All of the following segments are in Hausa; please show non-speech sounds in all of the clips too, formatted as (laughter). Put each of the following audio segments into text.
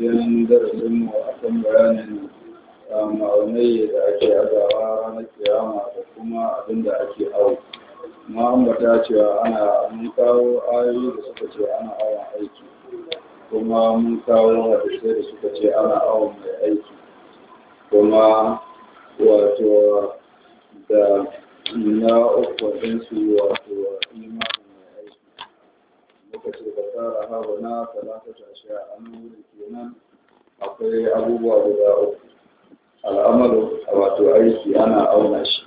cikin darasin mu kan bayanin ah, ma'aunai da ake azawa ranar kiyama da kuma abin da ake hau Muhammad ta cewa ana mun kawo ayoyi da suka ce ana awon aiki kuma mun kawo hadisai da suka ce ana awon mai aiki kuma wato da na uku wato imanin mai aiki lokacin tsara hawa na talata ta shi a nan kenan akwai abubuwa guda uku al'amalu a wato aiki ana auna shi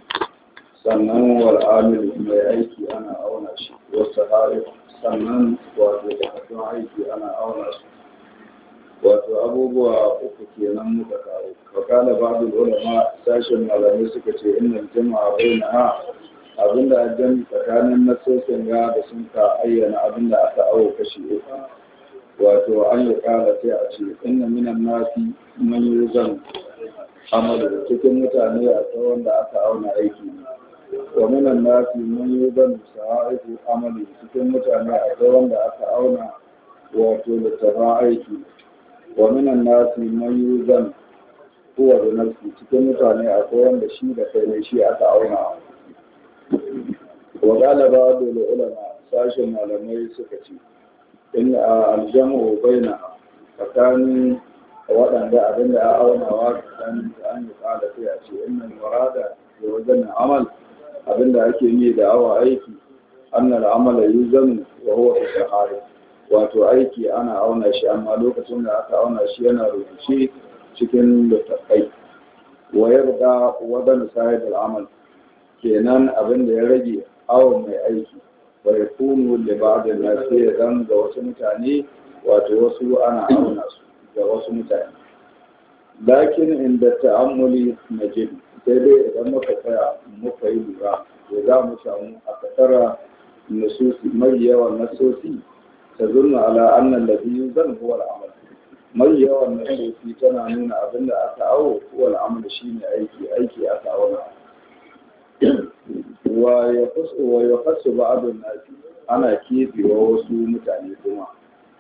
sannan wal'amilu mai aiki ana auna shi wasu hari sannan wato da aiki ana auna shi. wato abubuwa uku kenan muka kawo wakala babu ma. sashen malamai suka ce inda jama'a bai na abinda jan tsakanin nasosin ga da sun ka ayyana abinda aka awo kashi uku wato an yi kala sai a ce inna minan nasi man yuzan amalu cikin mutane a tsawon da aka auna aiki wa minan nasi man yuzan sa'idu amalu cikin mutane a tsawon da aka auna wato littafin aiki wa minan nasi man yuzan kowa da nasi cikin mutane a tsawon da shi da kai ne shi aka auna wa galaba da ulama sashen malamai suka ce in a aljamu baina tsakanin waɗanda abinda a aunawa tsakanin ta an yi ƙada sai a ce innan murada da wajen amal abinda ake yi da awa aiki annal amala yuzan wa huwa fi shahari wato aiki ana auna shi amma lokacin da aka auna shi yana rubuce cikin littattafai wa yarda wadan sahibul amal kenan abin da ya rage awon mai aiki bai kunu da ba da lafiya zan ga wasu mutane wato wasu ana auna su ga wasu mutane lakin inda ta'ammuli najib sai dai idan muka tsaya muka yi lura to za mu samu a kasara nasosi mai yawan nasosi ta zurna ala annan da biyu zan huwar amal mai yawan nasosi tana nuna abin da aka awo huwar amal ne aiki aiki aka auna wa ya fasu na ana kebewa wasu mutane kuma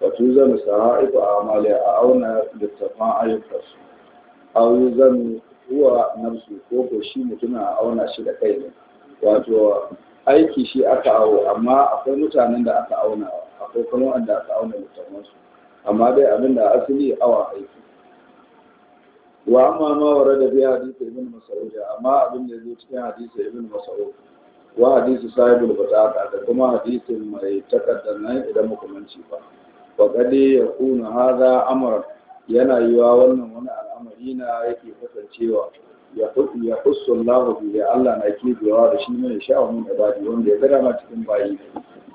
wato zan sara'iku a amali a auna littafan ayyukansu au zan huwa nafsu ko ko shi mutum a auna shi da kai ne wato aiki shi aka awo amma akwai mutanen da aka auna akwai kuma wanda aka auna littafansu amma dai abinda da asali awa aiki wa amma ma da biya hadisi ibn mas'ud amma abin da zai cikin hadisi ibn mas'ud wa hadisi sahibul bataka da kuma hadisin mai takaddar nan idan muka manci ba wa kadi kuna hadha yana yiwa wannan wani al'amari na yake kasancewa ya kudu ya kusu Allah bi Allah na ke biyawa da shi ne mai sha'awa wani ibadi wanda ya gada ma cikin bayi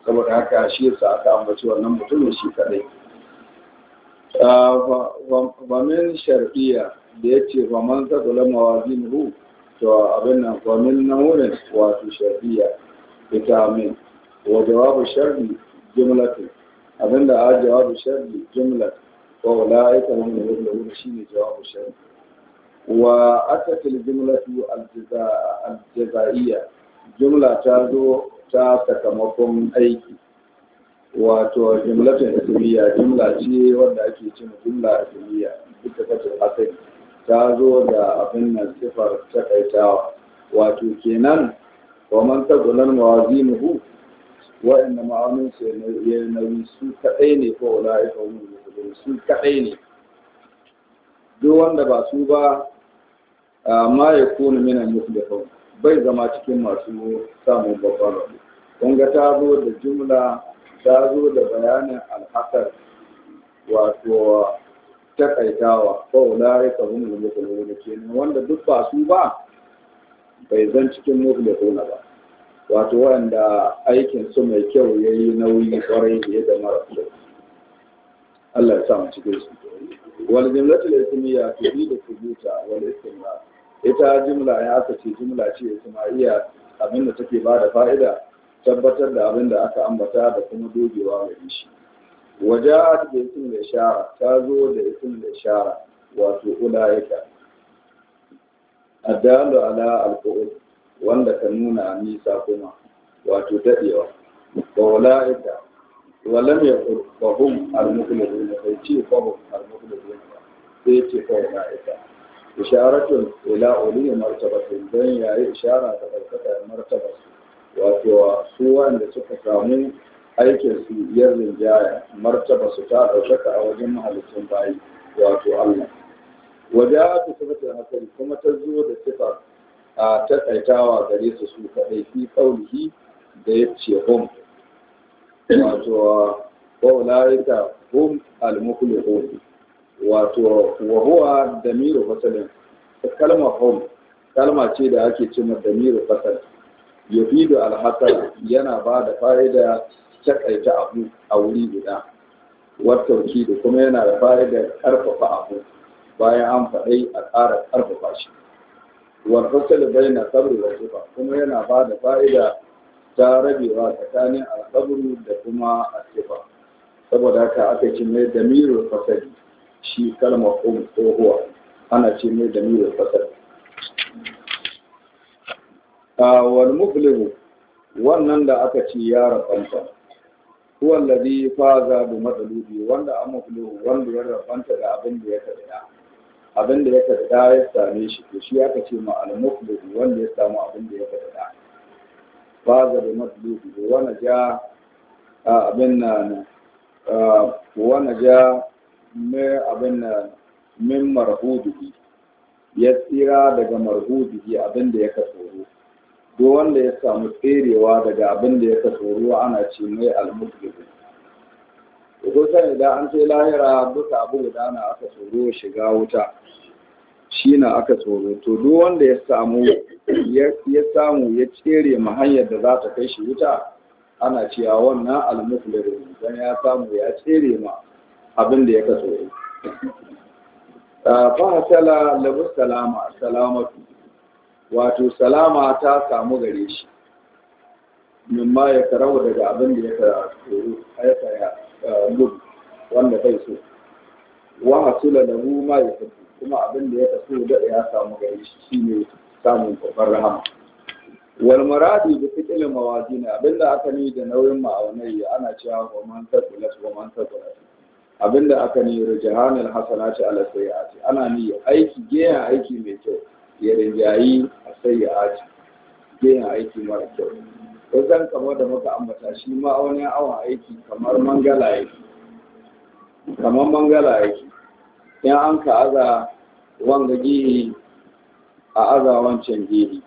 saboda haka shi yasa aka ambaci wannan mutumin shi kadai ah, wa min shar'iyya da ya ce fa man ta kula mawazin hu to abin nan fa min namunin wato shafiya ita min wa jawabu sharri jumlatu abin da a jawabu sharri jumlatu wa da hum shi ne jawabu sharri wa atatil jumlatu aljaza aljaza'iya jumla ta zo ta sakamakon aiki wato ta ismiya jumla ce wanda ake cin jumla ta zo da abin nan sifar kaitawa, wato kenan wa man tagulan mawazinuhu ma'anun sai su ya nauyi su kadai ne ko ula'ika mun su kadai ne duk wanda ba su ba ma ya kuna mina muflihun bai zama cikin masu samun babban rabu kun ga ta zo da jumla ta zo da bayanin al'akar wato takaitawa fa ulai ka hum al wani kenan wanda duk ba su ba bai zan cikin da muflihun ba wato wanda aikin su mai kyau yayi nauyi kwarai da da mara kyau Allah ya sa cikin su wal jumlatul ismiya tufidu wani wal istimrar ita jumla ya aka ce jumla ce iya abinda take ba da fa'ida tabbatar da abinda aka ambata da kuma dogewa ga shi waja'at bi ism al-ishara ta zo da ism al-ishara wato ulaika adalu ala al wanda ka nuna nisa kuma wato dadewa wa ulaika wa lam yaqul wa hum al-muflihun sai ce fa hum al-muflihun sai ce fa ulaika isharatun ila ulil martabatin dan yayi ishara da barkata martabasu wato su wanda suka samu aikin su yin rinjaya martaba su ta ɗaukaka a wajen mahalicin bayi wato Allah wajen haka sifatin hakan kuma ta zo da sifa a takaitawa gare su su kaɗai fi ƙaunihi da ya ce hom wato ƙaunaika hom almukuli hom wato wahuwa da miro fasalin kalmar hom kalma ce da ake cimma da miro fasalin da alhassan yana ba da fa'ida takaita abu a wuri guda wattauki da kuma yana da fa'idar karfafa abu bayan an faɗai a ƙara karfafa shi warfasal bai na sabri wa sifa kuma yana ba da fa'ida ta rabewa tsakanin alkabru da kuma a asifa saboda haka aka ce mai damirul fasali shi kalmar kuma tsohuwa ana ce mai damirul fasali ah, wal mubligu wannan da aka ce ya rabanta huwa alladhi faza bi matsalubi wanda an wanda ya rabanta da abin da ya karɓa abin da ya karɓa ya same shi to shi aka ce ma al-muflih wanda ya samu abin da ya karɓa faza bi matsalubi wanda ja abin nan wanda ja me abin nan min marhudi ya tsira daga marhudi abin da ya karɓo duk wanda ya samu tserewa daga abin da ya ka ruwa ana ce mai almutlibu da kusan idan an ce lahira duka abu guda na aka tsoro shiga wuta shi na aka tsoro to duk wanda ya samu ya samu ya tsere ma hanyar da za ta kai shi wuta ana cewa wannan almutlibu don ya samu ya tsere ma abin da ya ka tsoro ah, fa hasala labu salama salamatu wato salama ta samu gare shi min ma ya karawa daga abin da ya karawa a ya gudu wanda bai so wa hasula mu ma ya tafi kuma abin da ya tafi da ya samu gare shi shine samun kofar rahama wal muradi bi fitil mawazin abinda aka ni da nauyin ma'aunai ana cewa wa man taqulat wa man Abin abinda aka ni rijahan hasanati ala sayyiati ana ni aiki gaya aiki mai kyau ya rinjayi sayyi'ati yin aiki mara kyau wajen kamar da muka ambata shi ma wani awa aiki kamar mangala yake kamar mangala yake in an ka aza wanga gihi a aza wancan gihi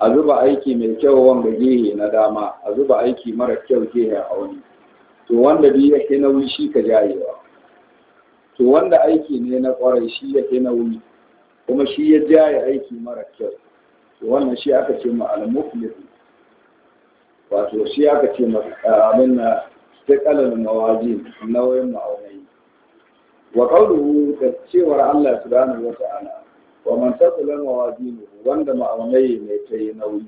a zuba aiki mai kyau wanga gihi na dama a zuba aiki mara kyau gihi a wani to wanda biyu yake nauyi shi ka jayewa to wanda aiki ne na kwarai shi yake nauyi kuma shi ya jaye aiki mara kyau wannan shi aka ce ma al-muflis wato shi aka ce ma abin na taqalal mawazi nauyin ma'aunai wa qawluhu da cewar Allah subhanahu wa ta'ala wa man taqala mawazinu wanda ma'aunai ne ta yi nauyi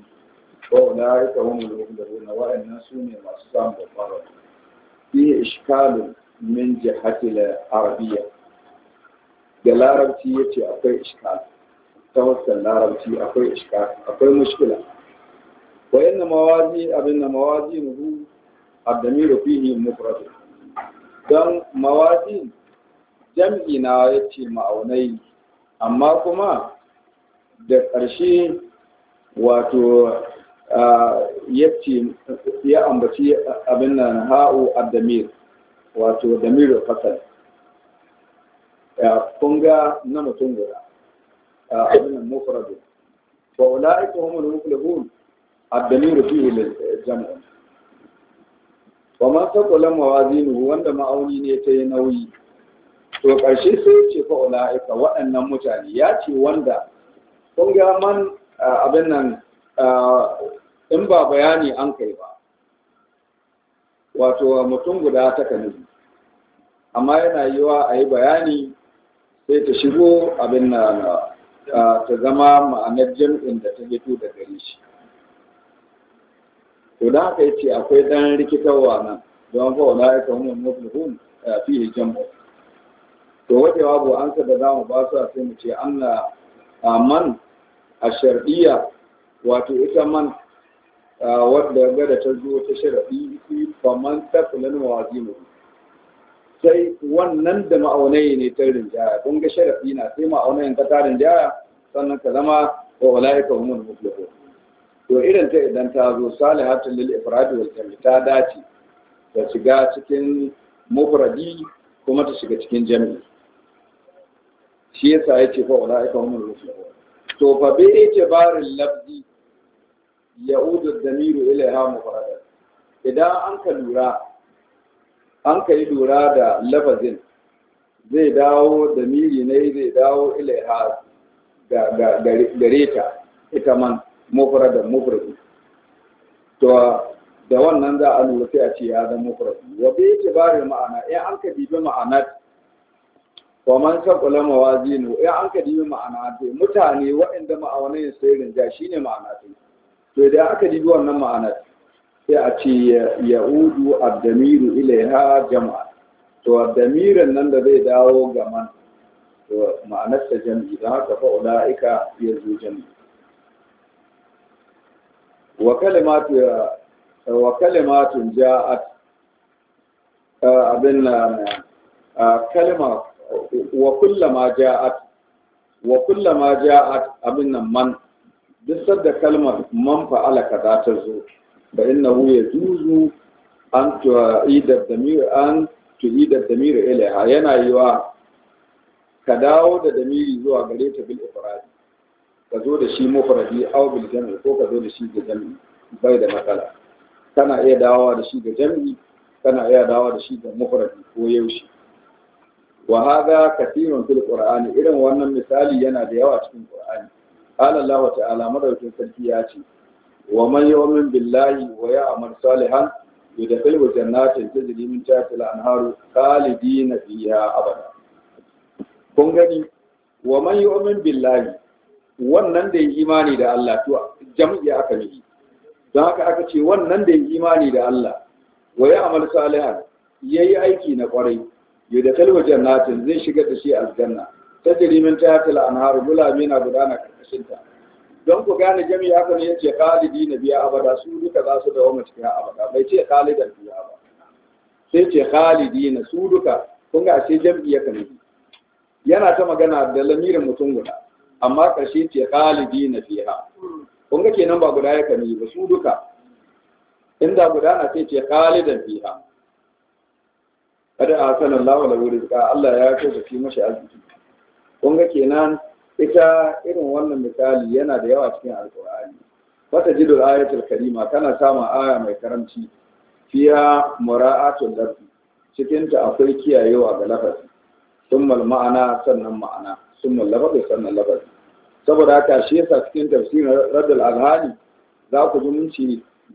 wa ulaika humul muflihun wa inna sunne masu samun babbar fi ishkalun min jihatil arabiyya da larabci yace akwai ishkalun ta wasan larabci akwai iska, akwai mushkila wa inna mawazi abinna mawazi nuhu ad-damiru fihi mufrad dan mawazi jam'i na yace ma'aunai amma kuma da ƙarshe wato yace ya ambaci abin nan ha'u ad-damir wato damiru fasal ya kunga na mutum guda abin mufradu wa ulaika humul muflihun ad-damiru fihi lil-jam' wa ma taqala mawazinuhu wanda ma'auni ne ta nauyi to ƙarshe sai ce fa ulaika waɗannan mutane ya ce wanda kun ga man abin nan in ba bayani an kai ba wato mutum guda ta kanu amma yana yiwa a yi bayani sai ta shigo abin na ta zama ma'anar jam'in da ta fito da gare shi to da haka yace akwai dan rikitarwa nan don fa wala ya kawo mun a eh, fiye jam'u to wace babu an sa da zamu ba su sai mu ce Allah man a shar'iyya wato ita man eh, wadda ga da ta zo ta shar'i tafi faman takulan wazimu sai wannan da ma'aunai ne ta rinjaya kun ga sharafi na sai ma'aunai ka ta rinjaya sannan ka zama wa wala'ika humul muflihun to irin ta idan ta zo salihatul lil ifradi wal jami ta dace ta shiga cikin mufradi kuma ta shiga cikin jami'i shi yasa yace fa wala'ika humul muflihun to fa bi itibarin lafzi ya'udu ad-damiru ilaiha mufradan idan an ka lura an ka yi lura da lafazin zai dawo da miri ne zai dawo ilaiha gare ta ita man mufradan mufradi to da wannan za a lura sai a ce ya zama mufradi wa bi itibarin ma'ana in an ka dibi ma'ana wa man saqala mawazinu in an ka dibi ma'ana to mutane waɗanda ma'aunin sirrin ja shine ma'ana to idan aka dibi wannan ma'anar ياتي يعود الدمير اليها جمعا تو الدمير النن ده بيداو جمعا معنى جمع ذاك فاولئك يرجو جمع وكلمات وكلمات جاءت ابن كلمة وكلما جاءت وكلما جاءت ابن من بسد كلمة من فعل كذا تزور ba innahu yajuzu an tu'ida damir an tu'ida damir ilaiha yana yiwa ka dawo da damiri zuwa gare ta bil ifrad ka zo da shi mufradi aw jam'i ko ka zo da shi ga jam'i bai da matsala kana iya dawowa da shi ga jam'i kana iya dawowa da shi ga mufradi ko yaushe wa hada kathirun fil qur'ani irin wannan misali yana da yawa cikin ƙur'ani. qala Allah ta'ala madaukakin sarki ya ce wa man yu'min billahi wa ya'mal salihan yudkhilu jannatin tajri min tahtiha al-anharu khalidina fiha abada kun gani wa man yu'min billahi wannan da yi imani da Allah to jami'i aka yi don haka aka ce wannan da yi imani da Allah wa amal salihan yayi aiki na kwarai yudkhilu jannatin zai shiga da shi aljanna tajri min tahtiha al-anharu bulamina gudana karkashin ta don ku gane jami'a haka ne yace khalidi na biya abada su duka za su dawoma cikin abada bai ce khalidan biya ba sai ce khalidi na su duka kun ga ashe jami'a kan ne yana ta magana da lamirin mutum guda amma karshe ce khalidi na fiha kun ga kenan ba guda ya kan ba su duka inda guda na sai ce khalidan fiha kada a sanan lawa da wuri Allah ya kai da fi mashi arziki kun ga kenan ita irin wannan misali yana da yawa cikin alkur'ani wata jidul ayatul karima tana samun aya mai karamci fiya mura'atul lafi cikin ta akwai kiyayewa ga lafazi summal ma'ana sannan ma'ana summal lafazi sannan lafazi saboda haka shi yasa cikin tafsirin radul alhali za ku ji munci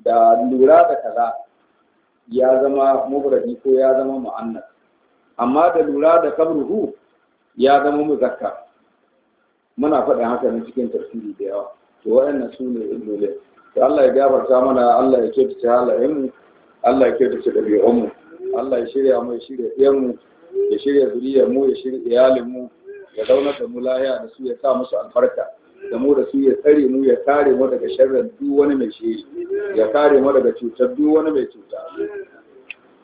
da lura da kaza ya zama mubradi ko ya zama mu'annas amma da lura da kabruhu ya zama muzakkar muna faɗin haka ne cikin tafsiri da yawa to wayannan su ne illolin to Allah ya gafarta mana Allah ya kyautace halayen mu Allah ya kyautace ɗabi'un mu Allah ya shirya mu ya shirya ɗiyan mu ya shirya zuriyar mu ya shirya iyalin mu ya zaunar da mu lahiya da su ya sa musu albarka da mu da su ya tsare mu ya kare mu daga sharrin duk wani mai shiri ya kare mu daga cutar duk wani mai cuta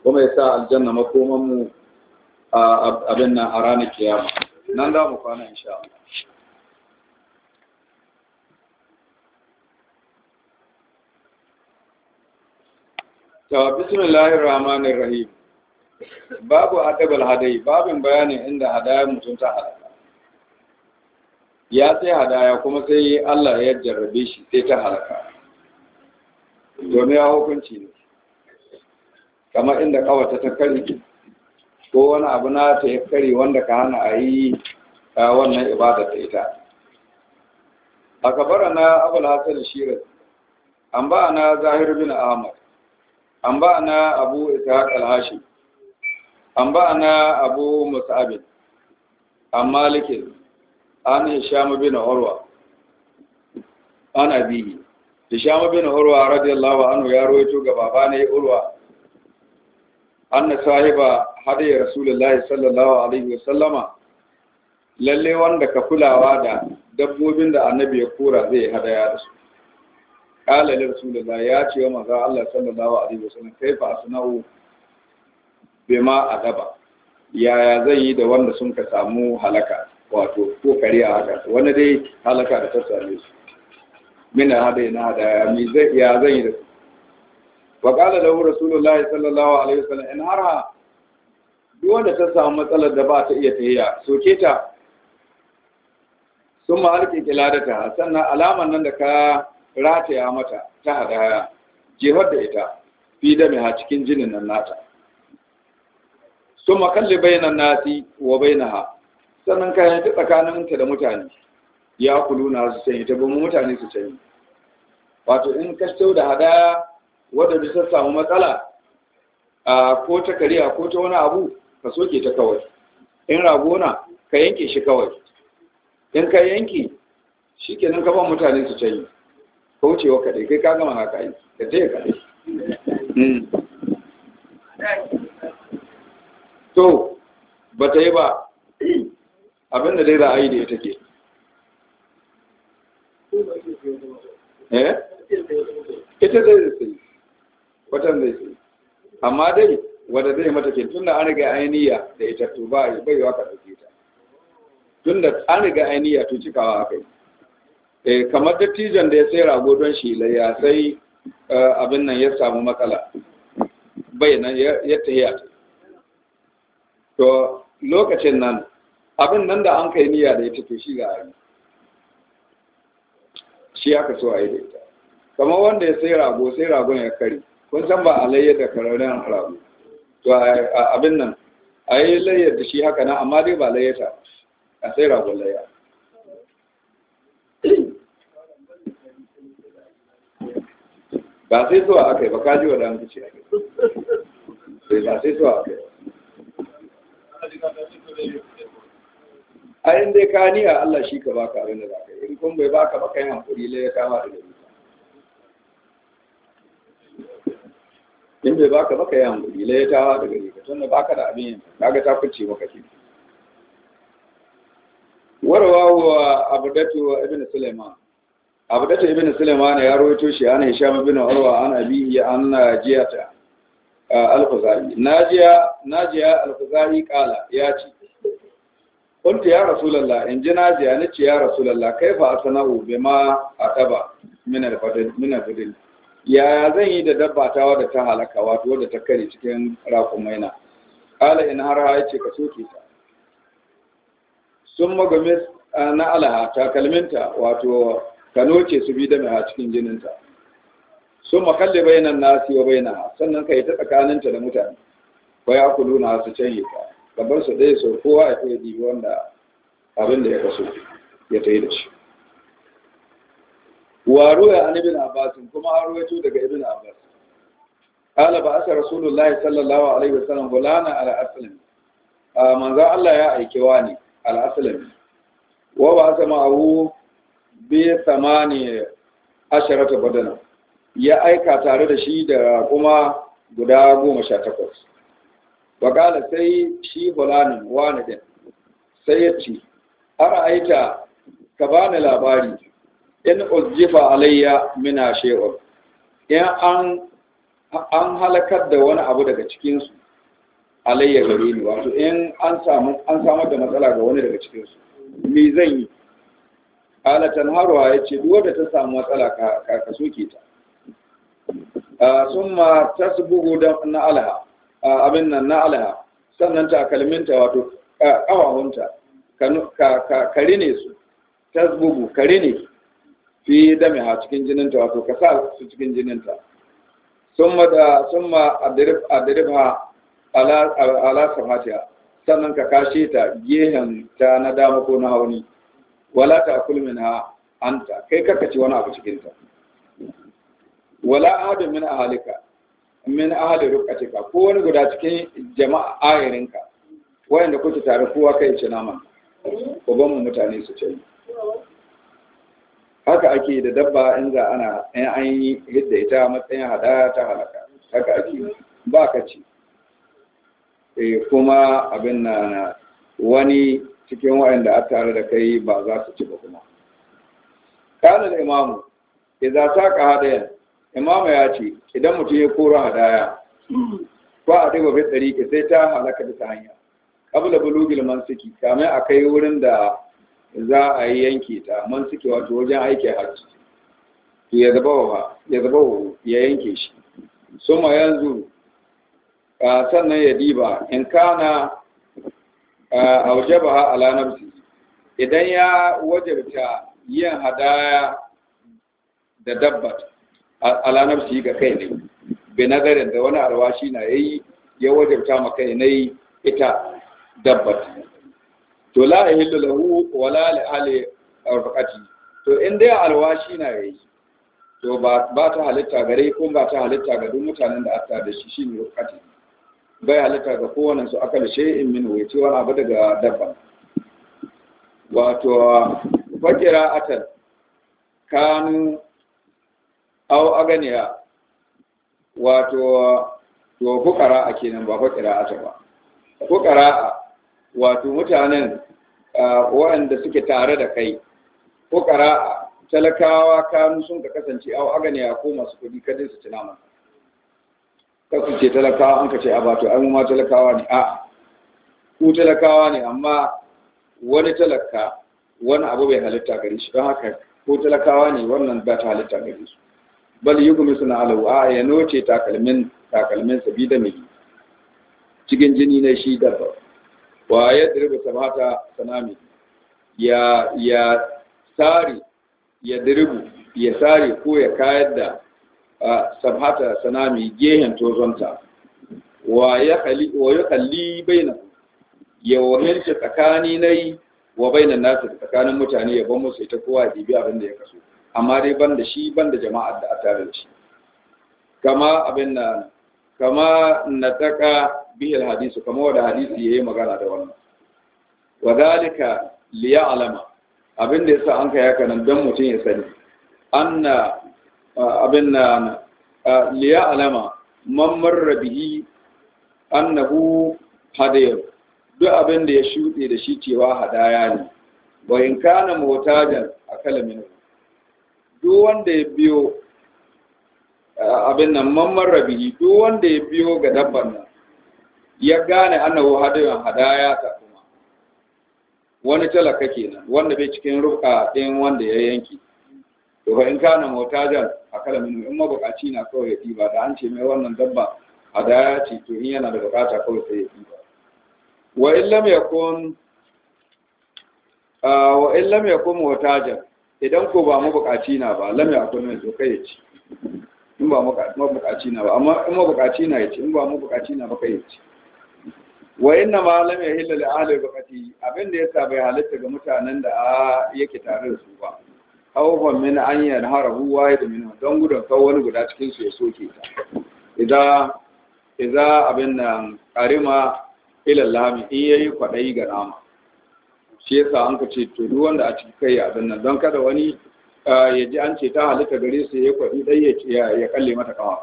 kuma ya sa aljanna makoman mu abin nan a ranar kiyama nan za mu kwana insha Allah Tawa bismillahir rahmanir rahim babu adabal hadai babin bayanin inda hadaya mutum ta halaka ya sai hadaya kuma sai Allah ya jarrabe shi sai ta halaka domin ya hukunci ne kamar inda kawata ta kare ko wani abu na ta ya kare wanda ka hana a yi wannan ibada ta ita a kabara na abul hasan shirin an ba na zahir bin ahmad An ba a abu Ishakashin, an ba a abu Musa'abin, amma like an ne Shamani Ula, ana bibi. Da Shamani Ula, radiyallahu anu ya rojo ga Babani Ulwa, Annasahiba, Hadiyyar Sulullahi, Sallallahu alaihi wa sallama, lallai wanda ka kulawa da dabbobin da annabi ya kura zai yi hada ya dasu. qala li rasulillah ya ce wa maza Allah sallallahu alaihi wasallam kaifa ma a adaba yaya zan yi da wanda sun ka samu halaka wato ko kariya haka wanda dai halaka da ta same su Min hada na hada mi zai ya zan yi da su wa kala da rasulullah sallallahu alaihi wasallam in hara? duk wanda ta samu matsalar da ba ta iya tayya soke ta sun ma harke kiladata sannan alamar nan da ka rataya mata ta hadaya jihar da ita fi da mai cikin jinin nan nata su makalli bainan nasi wa ha. sannan ka tsakanin tsakaninta da mutane ya kulu na su canyi ta bamu mutane su yi. wato in ka da hadaya wadda bisa samu matsala a ko ta kariya ko ta wani abu ka soke ta kawai in ragona ka yanke shi kawai in ka yanke shi kenan ka ba mutane su canyi kaucewa kaɗai kai ka gama haka yi ka ce ka hmm. to ba ta yi ba abinda dai za a yi da ita ke eh ita zai sai watan zai sai amma dai wanda zai mata ke tun da an riga ainiya da ita to ba bai wa ka ta tun da an riga ainiya to cikawa aka yi eh kamar dattijan da ya sai rago don shi layya sai eh, abin nan ya samu matsala bai nan ya tahiya to lokacin nan abin nan da an kai niyya da ya tafi shi ga ari shi ya kaso a yi da ita kamar wanda ya sai rago sai ragon ya kari kun san ba a layyar da kararren rago to abin nan a yi layyar da shi haka nan amma dai ba layyata a sai ragon layyar ba sai zuwa aka yi ba kaji wa dan gici sai ba sai zuwa aka yi a yin dai ka niya Allah shi ka baka abin da zaka yi in kun bai baka baka yin hankuri lai ya kama da gari in bai baka baka yin hankuri lai ya kama da gari ka tunda baka da abin kaga ta kuce maka shi warwa wa abu datu wa ibn sulaiman abdata ibn sulaiman ya rawaito shi ana hisham ibn urwa an abi an najiyata al-khuzai najiya najiya al-khuzai kala ya ci. kuntu ya rasulullah in ji najiya ni ce ya rasulullah kai asna'u a sana'u bai ma a min minar fadl ya zan yi da dabba ta wadda ta halaka wato wadda ta kare cikin rakumaina kala in har ha yace ka soke ta sun magamis na alaha takalminta wato ka noce su bi dame a cikin jininta so makalle bai bainan nasi wa bainaha sannan ka yi ta tsakaninta da mutane ko ya kulu na su canye ka bar su dai sau kowa ya kai dibi wanda abin da ya kaso ya tayi da shi wa ya an bin abbas kuma an ruwaito daga ibn abbas qala ba asa rasulullahi sallallahu alaihi wasallam bulana ala aslam ah, manzo Allah ya aikewa ne al aslam wa ba asa ma'ahu bi samani badana ya aika tare da shi da kuma guda goma sha takwas sai shi hulanin wani din sai ya ce ara aita ka bani labari in ujifa alayya mina shewar in an an halakar da wani abu daga cikinsu alayya gare ni wato in an samar da matsala ga wani daga cikinsu me zan yi ala tanharuwa ya ce duk da ta samu matsala ka ka soke ta sun ma ta subugu na alaha abin nan na alaha sannan ta kalminta wato ƙawahunta ka rine su ta subugu ka rine fi dame ha cikin jininta wato ka sa su cikin jininta sun ma da sun ma adirif ha ala safatiya sannan ka kashe ta gehen ta na dama ko na hauni wala ta akul ha anta kai ka ci wani abu cikin wala ahadun min ahalika min ahali rukatika ko wani guda cikin jama'a ayarinka wayanda kuke tare kowa kai ci naman uban mu mutane su ce haka ake da dabba in za ana in an yi yadda ita matsayin hadaya ta halaka haka ake ba ka ci eh, kuma abin na wani cikin da a tare da kai ba za su ci ba kuma kana da imamu idza ka hadayan imamu ya ce idan mutum ya kora hadaya ba a daga fi ke sai ta halaka ta hanya kabla bulugil mansiki kame a kai wurin da za a yi yanke ta mansiki wato wajen aiki hajji to ya zaba wa ya zaba ya yanke shi suma yanzu sannan ya diba in kana a wajaba ala nafsi idan ya wajabta yin hadaya da dabba ala nafsi ga kai ne bi nazarin da wani alwashi na yayi ya wajabta ma kai ne ita dabba to la yahillu lahu wala li ahli to in dai alwashi na yayi to ba ta halitta gare ko ba ta halitta ga duk mutanen da aka da shi shine rukati. bai halitta ga kowane su akal in min wuce wani abu daga dabba wato fakira atal kanu au aganiya wato to fukara a kenan ba fakira ta ba fukara wato mutanen waɗanda suke tare da kai fukara talakawa kanu sun ka kasance au aganiya ko masu kuɗi kadin su ci kasu ce talakawa an ka ce a ba to ai mu ma talakawa ne a ku talakawa ne amma wani talaka wani abu bai halitta gari shi don haka ko talakawa ne wannan ba ta halitta gari su bal yugumi suna alau a ya noce takalmin takalmin sabi da mai cikin jini na shi dabba wa ya dirba samata sanami ya ya sari ya dirbu ya sare ko ya kayar da sabhata sanami gehen tozonta wa ya kalli wa ya wahinci tsakani na wa bainan nasu tsakanin mutane ya ban musu ita kowa ɗibi abin da ya kaso amma dai ban da shi ban da jama'ar da a tare da shi kama abin na kama na taka bihil hadisu kama wada hadisi ya yi magana da wannan wa dalika liya alama abin da ya sa an kai haka nan don mutum ya sani anna abin na liya alama mammar rabihi annahu hadayar duk abin da ya shuɗe da shi cewa hadaya ne bayan kana da a kalamin duk wanda ya biyo abin nan mammar rabihi duk wanda ya biyo ga dabban nan ya gane annahu hadayar hadaya ta kuma wani talaka kenan wanda bai cikin ruka ɗin wanda ya yanki to fa in kana motajan a kala minu in mabukaci na kawai ya ɗiba da an ce mai wannan dabba a daya ce to in yana da bukata kawai sai ya ɗiba wa in yakun wa illam yakun motajan idan ko ba mabukaci na ba lam yakun mai to kai ya ci in ba mabukaci na ba amma in mabukaci na ya ci in ba mabukaci na ba kai ya ci wa inna ma lam yahilla li ahli bukati abin da yasa bai halitta ga mutanen da yake tare da su ba khawfan min an yanharahu wahid min don gudun kawo wani guda cikin su ya soke ta idza idza abin nan karima ila lami in yayi kwadai ga nama shi yasa an ka ce to duk wanda a cikin kai abin nan don kada wani ya ji an ce ta halitta gare su ya kwadi dai ya ya kalle mata kawa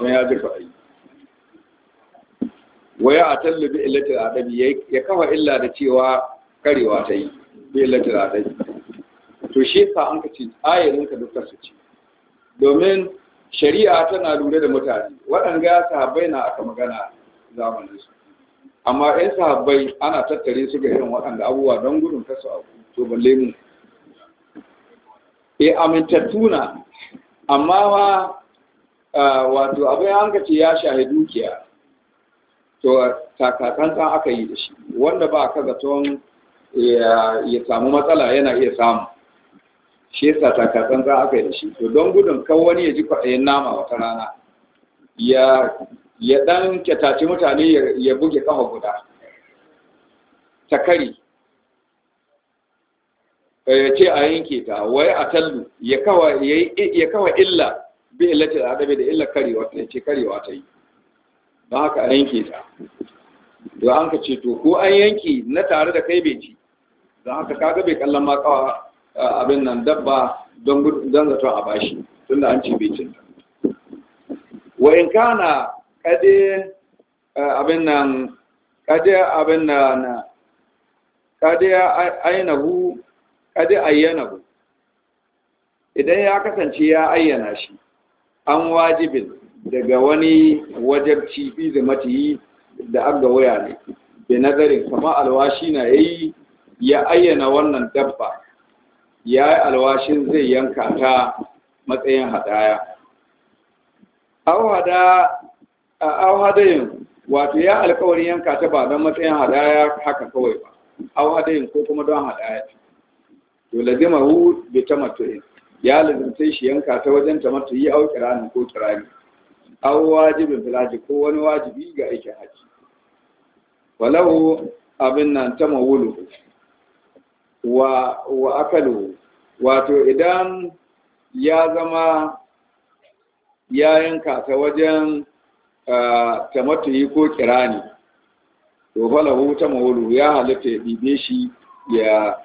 don ya ji kwadai waya a tallabi illatil adabi ya kafa illa da cewa karewa ta yi bi illatil adabi to shi yasa an ka ce ayarin ka dukkan su ce domin shari'a tana lura da mutane waɗanga sahabbai na aka magana zamanin su amma ɗan sahabbai ana tattare su ga irin waɗanda abubuwa don gudun kasu abu to ba mu e amintattu na amma ma wato abin ce ya shahi dukiya to takatsantsan aka yi da shi wanda ba ka zaton ya samu matsala yana iya samu shi yasa takatsan za aka yi da shi to don gudun kan wani ya ji kwaɗayin nama wata rana ya ya dan kyatace mutane ya buge kafa guda ta kari eh, ya ce a yanke ta wai a tallu ya kawa illa bi illace da adabi da illa karewa ta ce karewa ta yi don haka a yanke ta don an ka ce to ko an yanke na tare da kai bai ci don haka kaga bai kallon ma kawa Eh, abin nan dabba don zaton a bashi tun da an ce bai cinta wa in kana kade eh, abin nan kade abin nan kade ayyanahu kade ayyanahu idan ya kasance ya ayyana shi an wajibin daga wani wajabci fi da matiyi da aga waya ne bi nazarin kama alwashi na yayi ya ayyana wannan dabba ya yi alwashin zai yanka ta matsayin hadaya au hadayin wato ya alkawarin yanka ta ba don matsayin hadaya haka kawai ba au hadayin ko kuma don hadaya to lazima hu bi tamattu'in ya lazimta shi yanka ta wajen ta yi au kirani ko kirani au wajibin filaji ko wani wajibi ga aikin haji walau abin nan mawulu. wa wa akalu wato idan ya zama ya yanka ta wajen tamatuyi ko kirani to falahu ta mahulu ya halitta ya ɗibe shi ya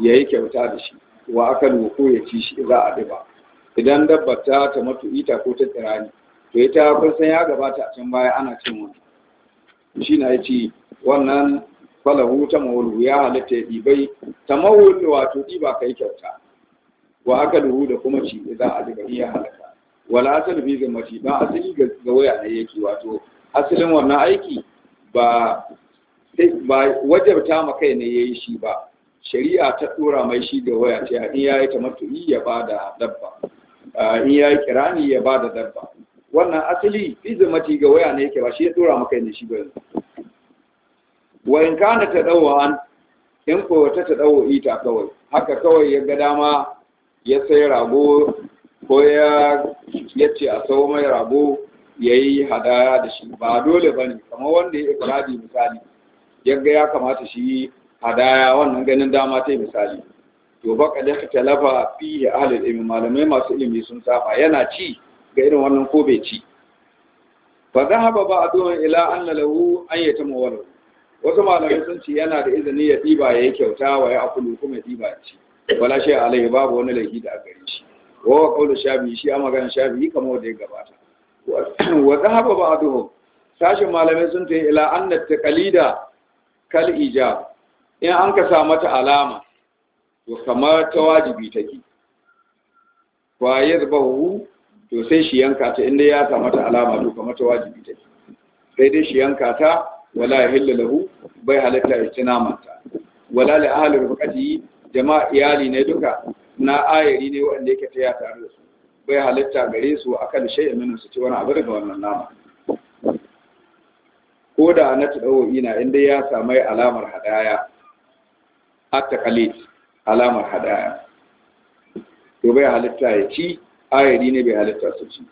yi kyauta da shi wa akalu ko ya ci shi za a ɗiba idan dabbar ta tamatuyi ta ko ta kirani to ita kun san ya gabata a can baya ana cin wani shi na ya ci wannan falahu ta mawulu ya halatta ya ɗibai ta mawulu wato ɗiba kai kyauta wa aka duhu da kuma ci za a daga iya halitta wala asali fi ga mace ba asali ga waya ne yake wato asalin wannan aiki ba ba wajabta ma kai ne yayi shi ba shari'a ta dora mai shi ga waya ce in yayi tamattu'i ya bada dabba in yayi kirani ya bada dabba wannan asali fi ga mace ga waya ne yake ba shi ya dora ma kai ne shi ba wa in kana ta dawo in ko wata ta dawo ita kawai haka kawai ya ga dama ya sai rago ko ya yace a sau mai rago yayi hadaya da shi ba dole bane kamar wanda ya ikradi misali yaga ya kamata shi hadaya wannan ganin dama ta misali to baka ta lafa fi ahli ilmi malamai masu ilimi sun saba yana ci ga irin wannan ko bai ci fa zahaba ba'dun ila anna lahu ayyata wasu malamai sun ce yana da izini ya ɗiba ya yi kyauta wa ya akulu kuma ya ɗiba ya ci wala shi alaihi babu wani laifi da a gare shi wa wa kaulu shafi shi a maganin shafi kamar wanda ya gabata wa zahaba ba'duhum sashin malamai sun ta ila anna taqalida kal ijab in an ka sa mata alama to kamar ta wajibi take wa hu, to sai shi yanka ta inda ya sa mata alama to kamar ta wajibi take sai dai shi yanka ta wala ya yahillu lahu bai halatta ya ci namanta wala li ahli rufqati jama'a iyali ne duka na ayari ne wanda yake taya tare da su bai halatta gare su akal shay'a min su ci wani abu daga wannan nama ko da na tudawo ina inda ya samu alamar hadaya at taqalid alamar hadaya to bai halitta ya ci ayari ne bai halitta su ci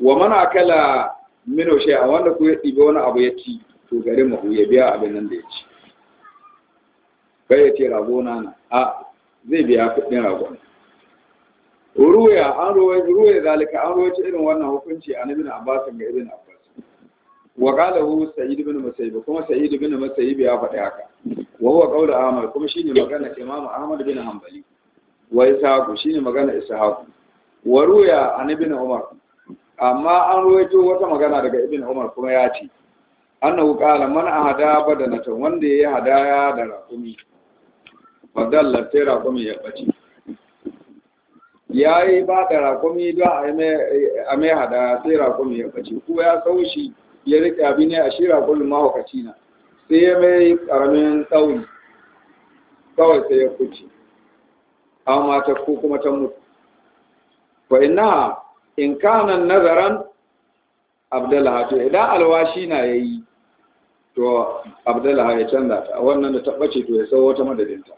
wa mana kala mino shay a wanda ku ya ɗibe wani abu ya ci to gare mahu ya biya abin nan da ya ci kai ya ce rago na na a zai biya kuɗin ragon ruwaya an ruwaya zalika an ruwaci irin wannan hukunci a nabin abbas ga irin abbas wa qala hu sa'id ibn musayyib kuma sa'id ibn musayyib ya faɗi haka wa huwa qawlu ahmad kuma shine magana imam ahmad bin hanbali wa ishaq shine magana ishaq wa ruwaya an ibn umar amma an ruwaito wata magana daga ibn umar kuma ya ce annahu qala man ahada badanata wanda yayi hadaya da raƙumi fadalla sai raƙumi ya bace yayi ba da raƙumi don a mai hadaya sai raƙumi ya bace ko ya saushi ya riƙe abin ne a shi ma mahaukaci na sai ya mai ƙaramin tsauni kawai sai ya kuce amma ta ko kuma ta mutu Ba inna in kana nazaran abdallah to idan alwashi na yayi to abdala ya canza ta wannan da ta bace to ya sau wata madadinta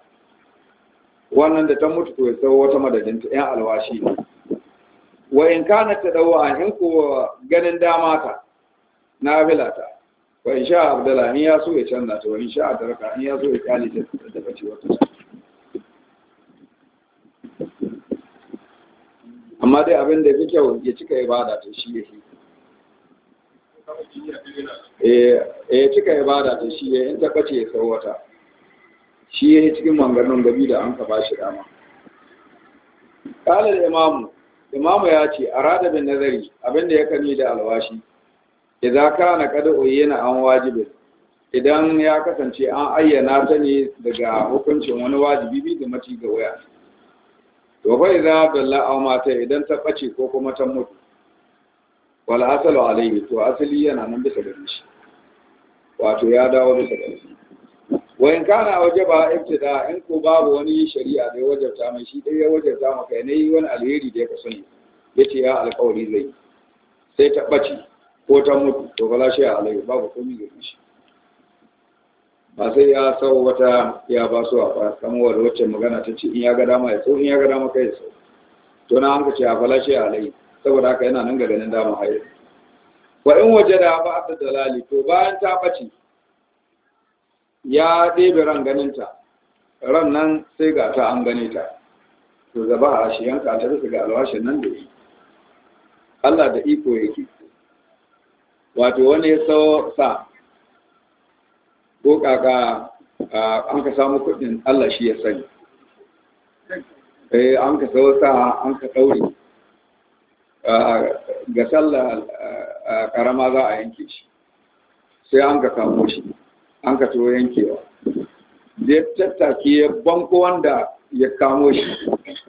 wannan da ta mutu to ya sau wata madadinta yan alwashi ne wa in kana ta a in ko ganin dama ta na bilata wa in sha abdala in ya so ya canza ta wa in sha adarka in ya so ya kyale ta da bace wata amma dai abin da fi kyau ya cika ibada to shi yake Eh, eh cika ibada da shi in ta bace ya sau shi ya cikin manganin gabi da an ka ba shi dama kalar imamu imamu ya ce a rada bin nazari abinda ya kani da alwashi idan ka na kada oyena an wajibin idan ya kasance an ayyana ta ne daga hukuncin wani wajibi bi da mati ga waya to fa idza dalla aw mata idan ta bace ko kuma ta mutu wala asalu alayhi to asali yana nan bisa da shi wato ya dawo bisa da shi wa in kana wajaba ibtida in ko babu wani shari'a da ya wajabta mai shi dai ya wajabta maka ne wani alheri da ya ka sani yace ya alƙawari zai sai ta bace ko ta mutu to bala shi alayhi babu komai gare shi ba sai ya sau wata ya ba su a ba kamar wacce magana ta ce in ya ga dama ya sau in ya ga dama kai ya sau to na an ka ce a bala shi alayhi saboda haka yana nan ga ganin dama haye wa in waje da ba ta dalali to bayan ta bace ya ɗebe ran ganinta ran nan sai ga ta an gane ta to zaba a shi yanka ta rufe ga alwashin nan da yi Allah da iko yake wato wani ya sau sa ko kaka an ka samu kudin Allah shi ya sani eh an ka sau sa an ka daure. ga sallah karama za a yanke shi sai an ka kamo shi an ka tuwo yankewa da ya tattaki ya banko wanda ya kamo shi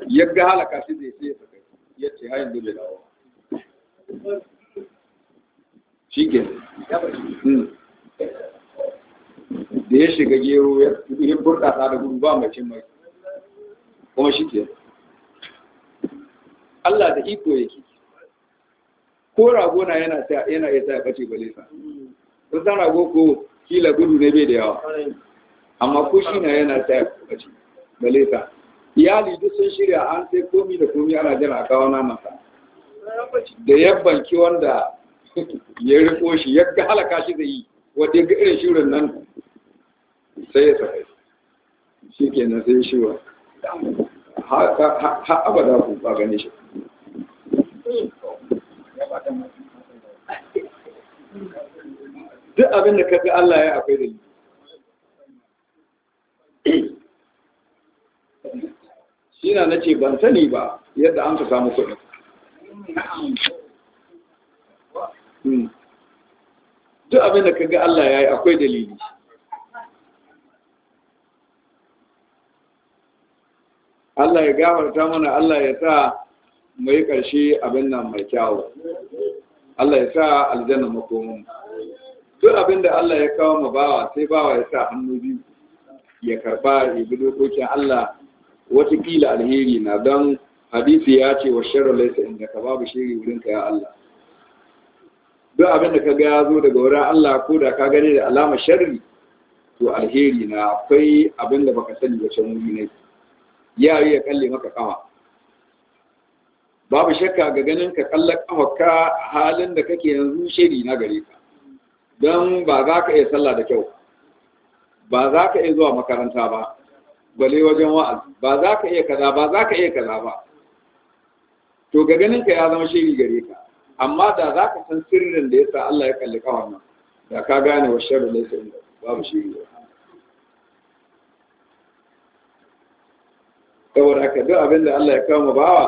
ya ga halaka shi zai sai ya saka ya ce hayin dole dawo shi ke hmm. da ya shiga gero ya burɗaɗa da gudu ba mace mai kuma shi ke Allah da iko yake ko rago na yana ta yana ya ta bace bale sa kun san rago ko kila gudu ne bai da yawa amma ko shi na yana ta bace bale sa iyali duk sun shirya an sai komi da komi ana jira ka kawo masa da yabban ki wanda (laughs) ya riko shi ya ga halaka shi zai yi wanda ga irin shirin nan sai ya sai shi kenan sai ha ha abada ku ba gane shi duk abin da kaga Allah ya akwai da shi na nace ban sani ba yadda an ka samu kuɗi hmm. duk abin da ga Allah ya yi akwai dalili Allah ya gafarta mana Allah ya sa mu yi ƙarshe abin nan mai kyawu Allah ya sa aljanna makomin duk abin da Allah ya kawo ma bawa sai bawa ya sa hannu biyu ya karba ya bi dokokin Allah kila alheri na don hadisi ya ce wa sharar laisa inda ka babu shiri wurin ka ya Allah duk abin da ka ga ya zo daga wurin Allah ko da ka gani da alama sharri to alheri na akwai abin da baka sani ba can wuri ne ya yi ya kalle maka kama. babu shakka ga ganin ka kalla kama ka halin da kake yanzu shiri na gare ka don ba za ka iya sallah da kyau ba za ka iya zuwa makaranta ba bale wajen wa'azi ba za ka iya kaza ba za ka iya kaza ba to ga ganin ka ya zama shiri gare ka amma da za ka san sirrin da yasa Allah ya kalli kawan da ka gane wa sharri da yasa babu shiri saboda haka duk abin da Allah ya kama bawa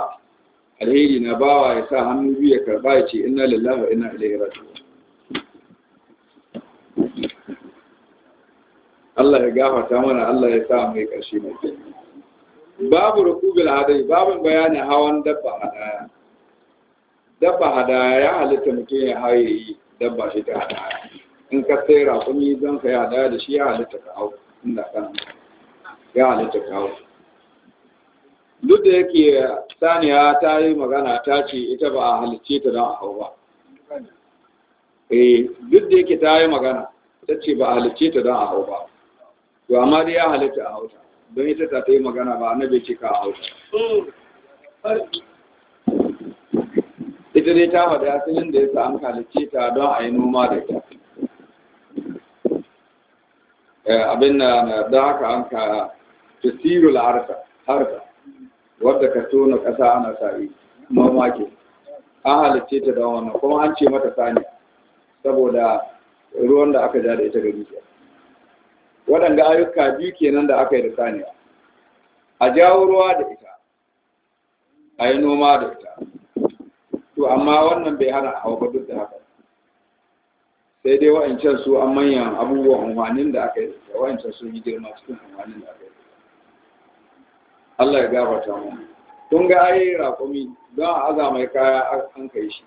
alheri na bawa ya sa hannu biyu ya karba ya ce inna lillahi wa inna ilaihi raji'un Allah ya gafata mana Allah ya sa mai ƙarshe mai kyau babu rukubil hadai babu bayanin hawan dabba hadaya dabba hadaya ya halitta mutum ya haye yi dabba shi ta hadaya in ka sai raƙumi zan ka yi hadaya da shi ya halitta ka hau inda kan ya halitta ka hau duk da yake saniya ta yi magana ta ce ita ba a halicce ta don a hau ba eh duk da yake ta yi magana ta ce ba a halicce ta don a hau ba to amma dai ya halitta a hausa, don ita ta yi magana ba na bai cika a hausa. ita dai ta faɗi asalin da ya sa an halicce ta don a yi noma da ita eh, abin na da haka an ka tasiru harta wadda ka tona ƙasa ana sa'i mamaki an halicce ta don wannan kuma an ce mata sani saboda ruwan da aka ja da ita ga dukiya waɗanda ayyuka biyu kenan da aka yi da saniya a jawo ruwa da ita a yi noma da ita to amma wannan bai hana a ba duk da haka sai dai wa'ancan su an manyan abubuwan amfanin da aka yi da wa'ancan su yi girma cikin amfanin da aka yi Allah ya gabata mu kun ga ai raƙumi don a aza mai kaya an kai shi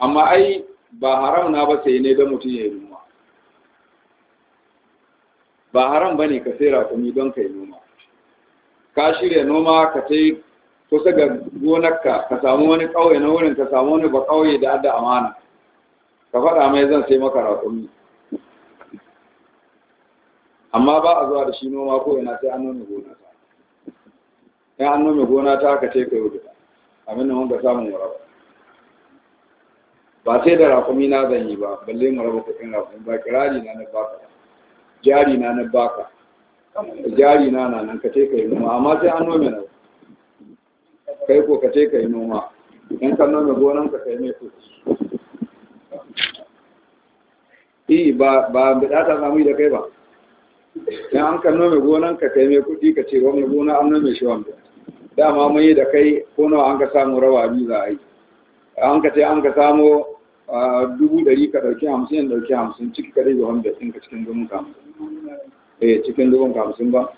amma ai ba haram na ba sai ne don mutum ya yi ba haram ba ne ka sai rakumi don ka yi noma ka shirya noma ka ta yi kusa ga gonarka ka samu wani ƙauye na wurin ka samu wani ba ƙauye da adda amana ka faɗa mai zan sai maka rakumi amma ba a zuwa da shi noma ko ina sai an nome gona ta in an nome gona ta ka ce ka yi da abin nan wanda samun waraba ba sai da rakumi na zan yi ba balle mu raba kuɗin raƙumi ba kirari na na ba ka jari na na baka jari na na nan ka ce ka yi noma amma sai an nome na kai ko ka ce ka yi noma in ka nome gonan ka kai mai kuɗi i ba ba bida ta samu da kai ba in an ka nome gonan ka kai mai kuɗi ka ce wani gona an nome shi wanda dama mun yi da kai ko nawa an ka samu rawa biyu za a yi an ka ce an ka samu dubu ɗari ka ɗauki hamsin in ɗauki hamsin ciki ka rage wanda ɗin ka cikin dubun ka hamsin eh cikin dubun ka hamsin ba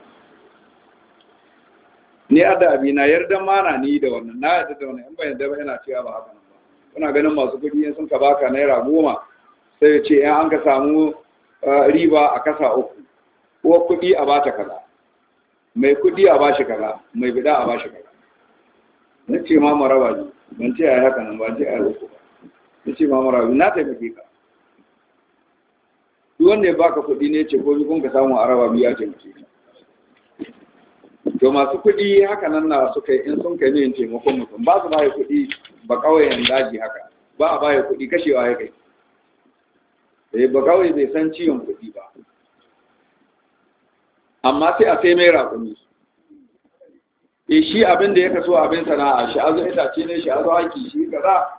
ni adda abi na yarda mana ni da wannan na yarda da wannan in ba yarda ba yana cewa ba haka ba kuna ganin masu kuɗi in sun ka baka naira goma sai ya ce in an ka samu ah, riba a kasa uku ko kuɗi a bata kaza mai kuɗi a bashi kaza mai bida a bashi kaza na ce ma maraba ne ban ce a yi haka nan ban ce a yi uku ba ya ce ma rabi na taimake ka duk wanda ya baka kuɗi ne ce ko kun ka samu araba biya ya taimake to masu kuɗi haka nan na su kai in sun kai ne taimakon mutum ba su baya kuɗi ba kawai daji haka ba a baya kuɗi kashewa ya kai da eh, ba kawai bai san ciwon kuɗi ba amma sai a sai mai raƙumi. e shi abin da ya kaso abin sana'a shi azo itace ne shi azo haki shi kaza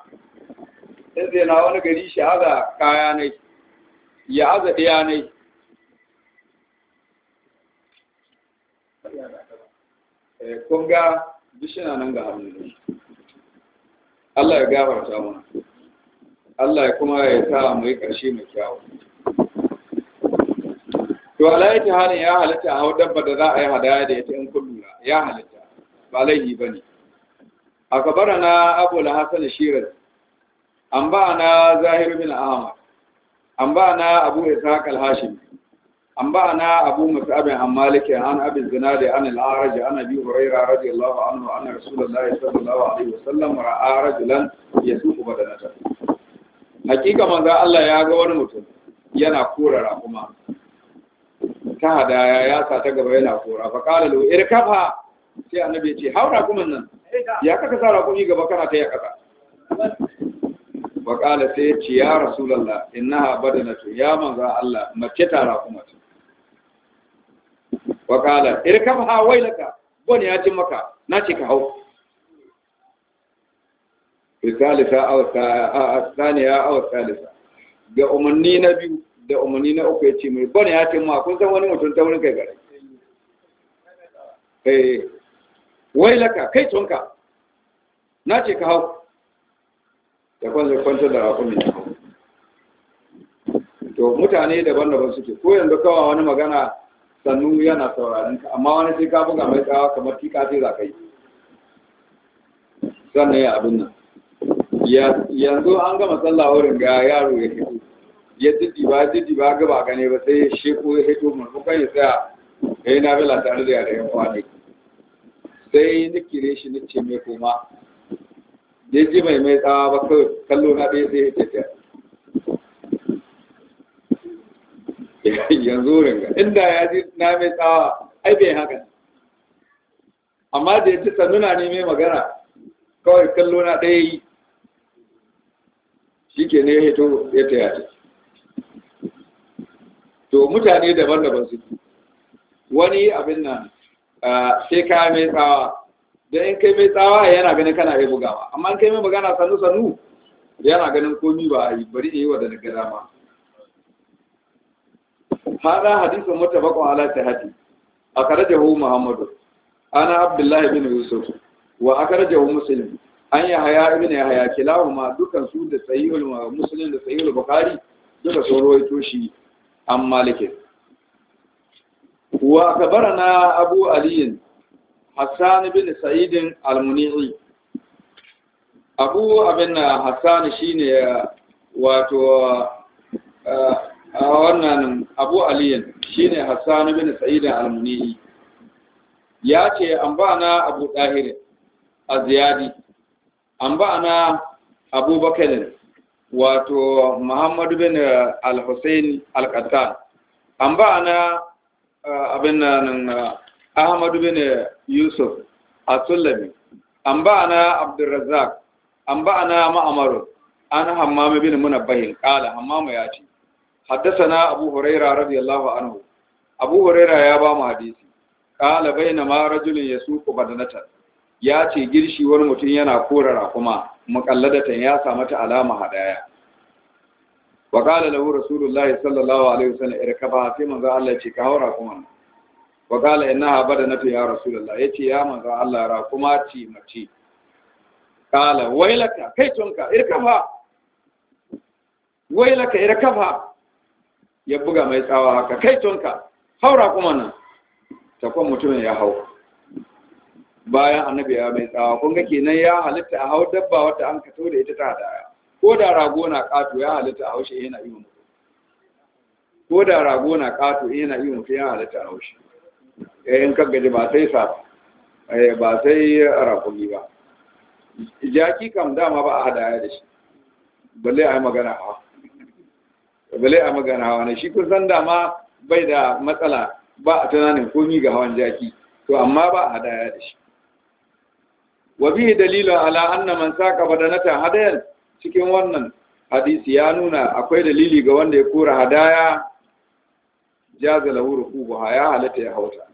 in zai na wani gari shi aza kaya ne ya aza ɗaya ne eh, kun ga bishina nan ga hannu Allah ya gafarta mana Allah ya kuma ya sa mu yi ƙarshe mai kyawu to yake halin ya halitta hau dabba da za a yi hadaya da ita in kun lura ya halitta ba laihi bane na abu al-hasan shirin an ba na zahiru bin ahmad an ba na abu isaac al-hashim an ba na abu musabin an maliki an abin zina da an al'araji an abi huraira radiyallahu anhu an rasulullahi sallallahu alaihi wasallam wa arajulan ya suku ba da nata hakika manzo allah ya ga wani mutum yana kora kuma ta hadaya ya sa ta gaba yana kora fa qala lahu irkafa sai annabi ya ce haura kuma nan ya kaka sara kuma gaba kana ta ya kaka faƙala sai ya ce ya rasulallah innaha badanatu ya manza Allah mace tara kuma ce faƙala irkam ha wailaka bon ya ci maka na ce ka hau risalisa a saniya a wasalisa ga umarni na biyu da umarni na uku ya ce mai bon ya ce ma kun san wani mutum ta wurin kai gare eh, wailaka kai tunka na ce ka hau da kwanza kwanta da rakumi na kawo to mutane daban-daban suke ko yanzu kawai wani magana sannu yana sauraron ka amma wani sai ka buga mai tsawa kamar tika sai za ka yi sannan ya abin nan yanzu an gama sallah wurin ga yaro ya fito ya jiddi ba jiddi ba gaba gane ba sai ya sheko ya hito murmukan ya tsaya ya yi nabila tare da yaren kwanaki sai ni shi ni mai koma da ji mai mai tsawa ba kawai kallo na ɗaya sai ya tafiya (laughs) yanzu ringa inda ya ji na mai tsawa ai bai haka amma da ya ci nuna ne mai magana kawai kallo na ɗaya yi shi ke ne ya hito ya taya ta to mutane daban-daban su wani abin nan sai ka mai tsawa da in kai mai tsawa yana ganin kana yi bugawa amma in kai mai magana sannu sannu yana ganin komi ba a yi bari in yi da daga dama hada hadisin mutabaqun ala sihhati akhrajahu muhammadu ana abdullahi bin yusuf wa akhrajahu muslim an haya ibn yahya ma dukan su da sahihul muslim da sahihul bukhari duka sun rawaito shi an malikin wa kabarana abu aliyin hassan bin sa'idin almuni'i abu abin na hassan shine wato a wannan abu aliyin shine hassan bin sa'idin almuni'i ya ce an ba na abu ɗahir a ziyadi an ba na abu bakarin wato muhammad bin al-hussein al-qattan an ba na abin nan ahmad bin yusuf as-sulami anba'ana abdurrazzaq anba'ana ma'mar an hammam bin munabbah qala hammam ya ce haddathana abu huraira radiyallahu anhu abu ya ba mu hadisi qala bainama rajulun yasuqu badanatan ya ce girshi wani mutum yana korara kuma mukalladatan ya sa mata alama hadaya wa qala lahu rasulullahi sallallahu alaihi wasallam irkaba sai manzo Allah ce ka haura kuma wa qala innaha badanatu ya rasulullah yace ya ce ya manzo Allah ra kuma ci mace qala wailaka kai tonka irkafa wailaka irkafa ya buga mai tsawa haka kai tonka haura kuma nan takwan mutumin ya hau bayan annabi ya mai tsawa kun ga nan ya halitta a hau dabba wata an ka da ita ta daya ko da rago na kato ya halitta a haushe yana yi mutu ko da rago na kato yana yi mutu ya halitta a haushe Eh, in kan gaji ba sai sa eh, ba sai rakumi ba jaki kam dama ba a hadaya da shi balle a yi magana hawa balle a magana hawa ne shi kusan dama bai da matsala ba a tunanin komi ga hawan jaki to amma ba a hadaya da shi wa bihi dalilu ala anna man saka badanatan hadayan cikin wannan hadisi ya nuna akwai dalili ga wanda ya kora hadaya jaza lahu rukubuha ya halatta ya hauta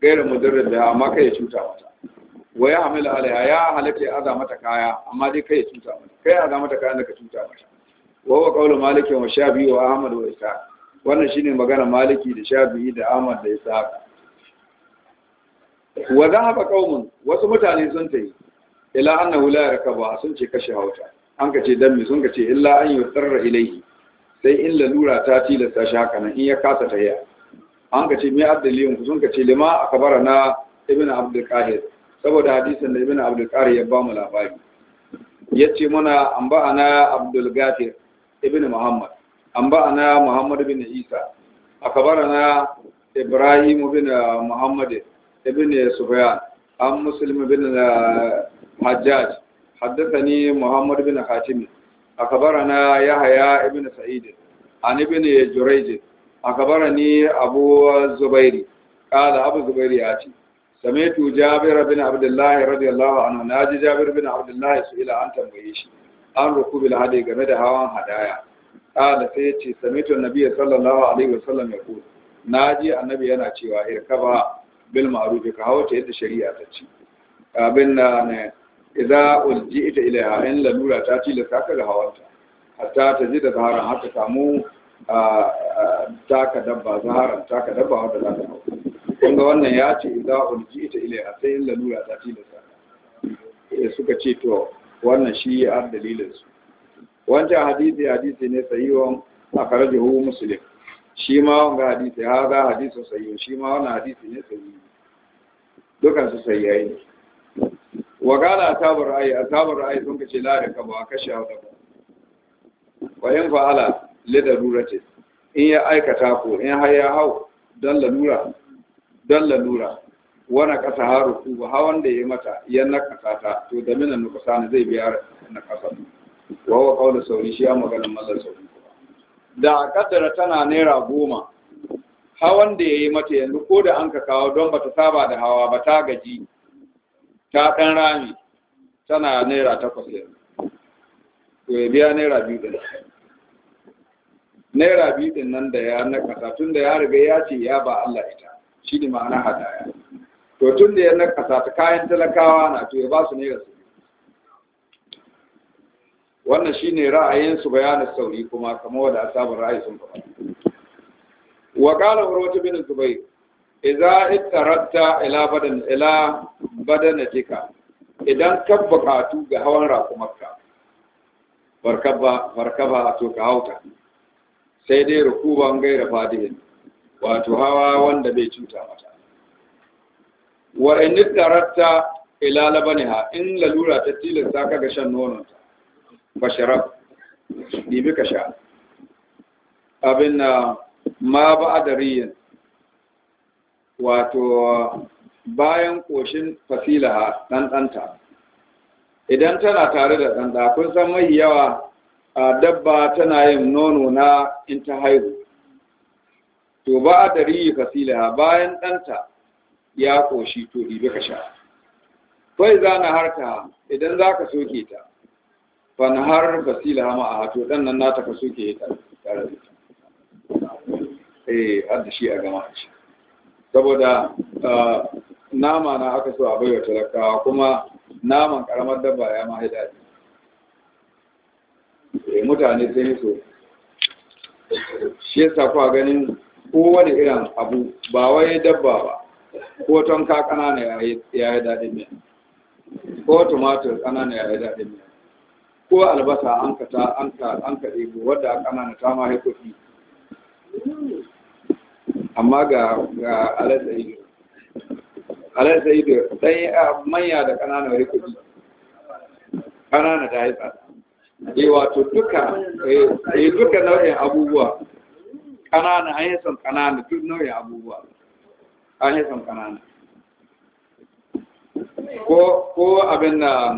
gaira mudarrar da amma kai ya cuta mata wa ya hamil alaiha ya halatta ya aza mata kaya amma dai kai ya cuta mata kai ya aza mata kaya da ka cuta mata wa huwa qawlu maliki wa shafi'i wa ahmad wa isa wannan shine magana maliki da biyu da ahmad da isa wa dhahaba qaumun wasu mutane sun tayi ila annahu la yarkaba sun ce kashe hauta an ka ce dan me sun ka ce illa an yusarra ilayhi sai in lalura ta tilasta shi nan in ya kasa tahiya an ka ce mai addalin sun ka ce lima kabara na ibn abdul saboda hadisun da ibn abdul ya ba mu labari yace an ba ana ghafir ibn muhammad ana muhammad ibn isa na ibrahim ibn muhammad ibn sufyan an Musulmi ibn uh, hajjaj حدثني محمد بن حاتم na Yahaya ibina سعيد an ibina جريج akabara ni abu zubairi kala abu zubairi ya ce same tu jabir bin abdullahi radiyallahu anhu na ji jabir bin abdullahi su ila an tambaye shi an roku bil hadi game da hawan hadaya kala sai ya ce same tu nabi sallallahu alaihi wasallam ya ku na ji annabi yana cewa irkaba bil ma'ruf ka hawo ta yadda shari'a ta ce abin da ne idza ulji ila ila in la nura ta ci la saka ga hawanta hatta ta ji da zahara hatta samu taka dabba zaharan taka dabba wadda za ta hau kun ga wannan ya ce za idza ulji ta ilayha sai in lalura ta ci da Ya suka ce to wannan shi ya ar dalilin su wancan hadisi hadisi ne a sahihun akhrajahu muslim shi ma wanga hadisi ha za hadisin sahihun shi ma wannan hadisi ne sahihi dukan su sahihai ne wa gala asabar ra'ayi asabar ra'ayi sun kace la da kaba kashe hawa ba bayan fa'ala lidarurati in ya aikata ko in har ya hau don lalura don lalura wani kasa haru ba, hawan da ya mata ya nakasa ta to da mina nukasa ne zai biya na kasa wawa kaula sauri shi ya magana mallar sauri da kaddara tana naira goma hawan da ya yi mata yanzu ko da an ka kawo don ba ta saba da hawa ba ta gaji ta ɗan rami tana naira takwas yanzu to ya biya naira biyu da naira biyu din nan da ya nakasa tun da ya riga ya ce ya ba Allah ita shi ne ma'ana hadaya to tun da ya nakasa ta kayan talakawa na to ya ba su naira su wannan shi ne su bayanin sauri kuma kamar wadda asabar ra'ayi sun faɗa wa qala urwatu bin zubayr idza ittaratta ila badan ila badanatika idan ka bukatu ga hawan rakumarka barkaba barkaba to ka hauta sai dai rukuban gaira fadihin wato hawa wanda bai cuta mata wa in tarata ila labaniha in lalura ta tilasta ka ga shan ta ba sharab bi ka sha abin na ma ba adariyin wato bayan koshin fasilaha danta idan tana tare da ɗanɗa kun san mai yawa a dabba tana yin nono na in ta haihu to ba a dari fasila bayan ɗanta ya ƙoshi, to ɗibi ka sha kai za na harta idan za ka soke ta ban har fasila ma a to ɗan nan nata ka soke ta tare da ta eh shi a gama shi saboda nama na aka so a baiwa talakawa kuma naman ƙaramar dabba ya ma haida Eh, mutane sai so shi yasa kuwa ganin kowane irin abu ba wai dabba ba ko ka kanana ya yi daɗin miya ko tumatir kanana ya yi daɗin miya ko albasa an ka ta an ka an ka ɗebo wadda kanana ta ma haikuɗi amma ga ga alaisa ido alaisa ido ɗan manya da kanana haikuɗi kanana ta haifar. E wato duka eh, eh duka nau'in abubuwa kanana an yi son kanana duk nau'in abubuwa an yi son kanana ko ko abin da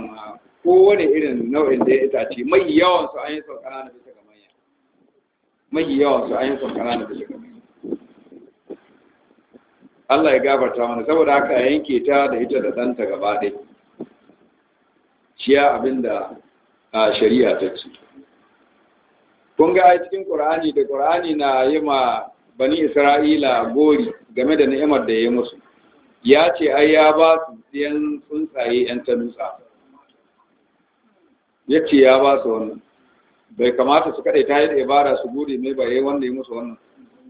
ko wani irin nau'in da ya itace mai yawan su an yi son kanana bisa ga manya mai yawan su an yi son kanana bisa ga manya Allah ya gafarta mana saboda haka yanke ta da ita da danta gaba ɗaya ciya abin da a shari'a ta ce kun ga a cikin qur'ani da qur'ani na yi ma bani isra'ila gori game da ni'imar da ya musu ya ce ai ya ba su siyan tsuntsaye yan ta dutsa ya ce ya ba su wannan bai kamata su kaɗai ta yi da ibara su gori mai ba wanda ya musu wannan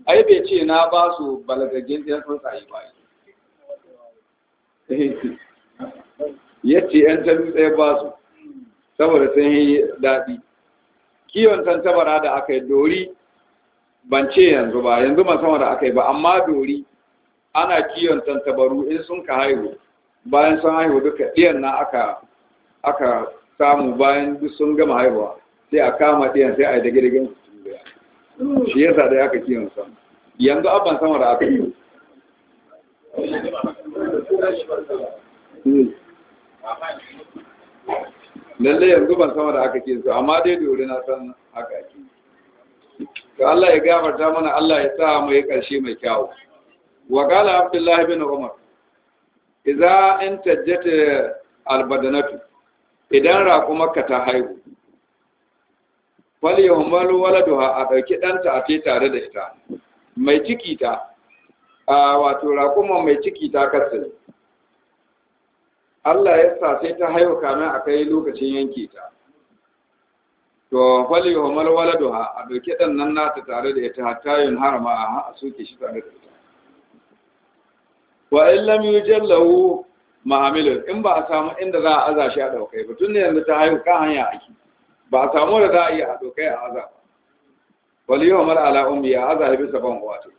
ai bai ce na ba su balagaggen yan tsuntsaye ba (laughs) ya ce yan ta dutsa ya ba su saboda sun yi daɗi kiwon tantabara da aka yi dori ban ce yanzu ba yanzu sama da aka yi ba amma dori ana kiwon tantabaru in sun ka haihu bayan sun haihu duka ɗiyan na aka aka samu bayan duk sun gama haihuwa sai a kama ɗiyan sai a yi dage-dagen su shi yasa da aka kiwon san yanzu abban sama da aka yi lalle yanzu ban sama da aka ke su amma dai dore na san haka ake to Allah ya gafarta mana Allah ya sa mu yi karshe mai kyau wa qala abdullah ibn umar idza al albadanatu idan raƙumarka ta haihu wali yawmalu waladuha a ɗauki ɗanta a ce tare da ita mai ciki ta wato raƙuma mai ciki ta kasance Allah ya sa sai ta haihu kamin a kai lokacin yanke ta to fali homal waladuha a doke ɗannan nan nata tare da ita hatta yin harama a soke shi tare da ita wa in lam yujallahu ma'amilun in ba a samu inda za a aza shi a ɗaukai ba tun da yanzu ta haihu kan hanya aiki ba a samu da za a iya a ɗaukai a aza ba wal yawmal ala ummi ya aza ya bisa ban wato.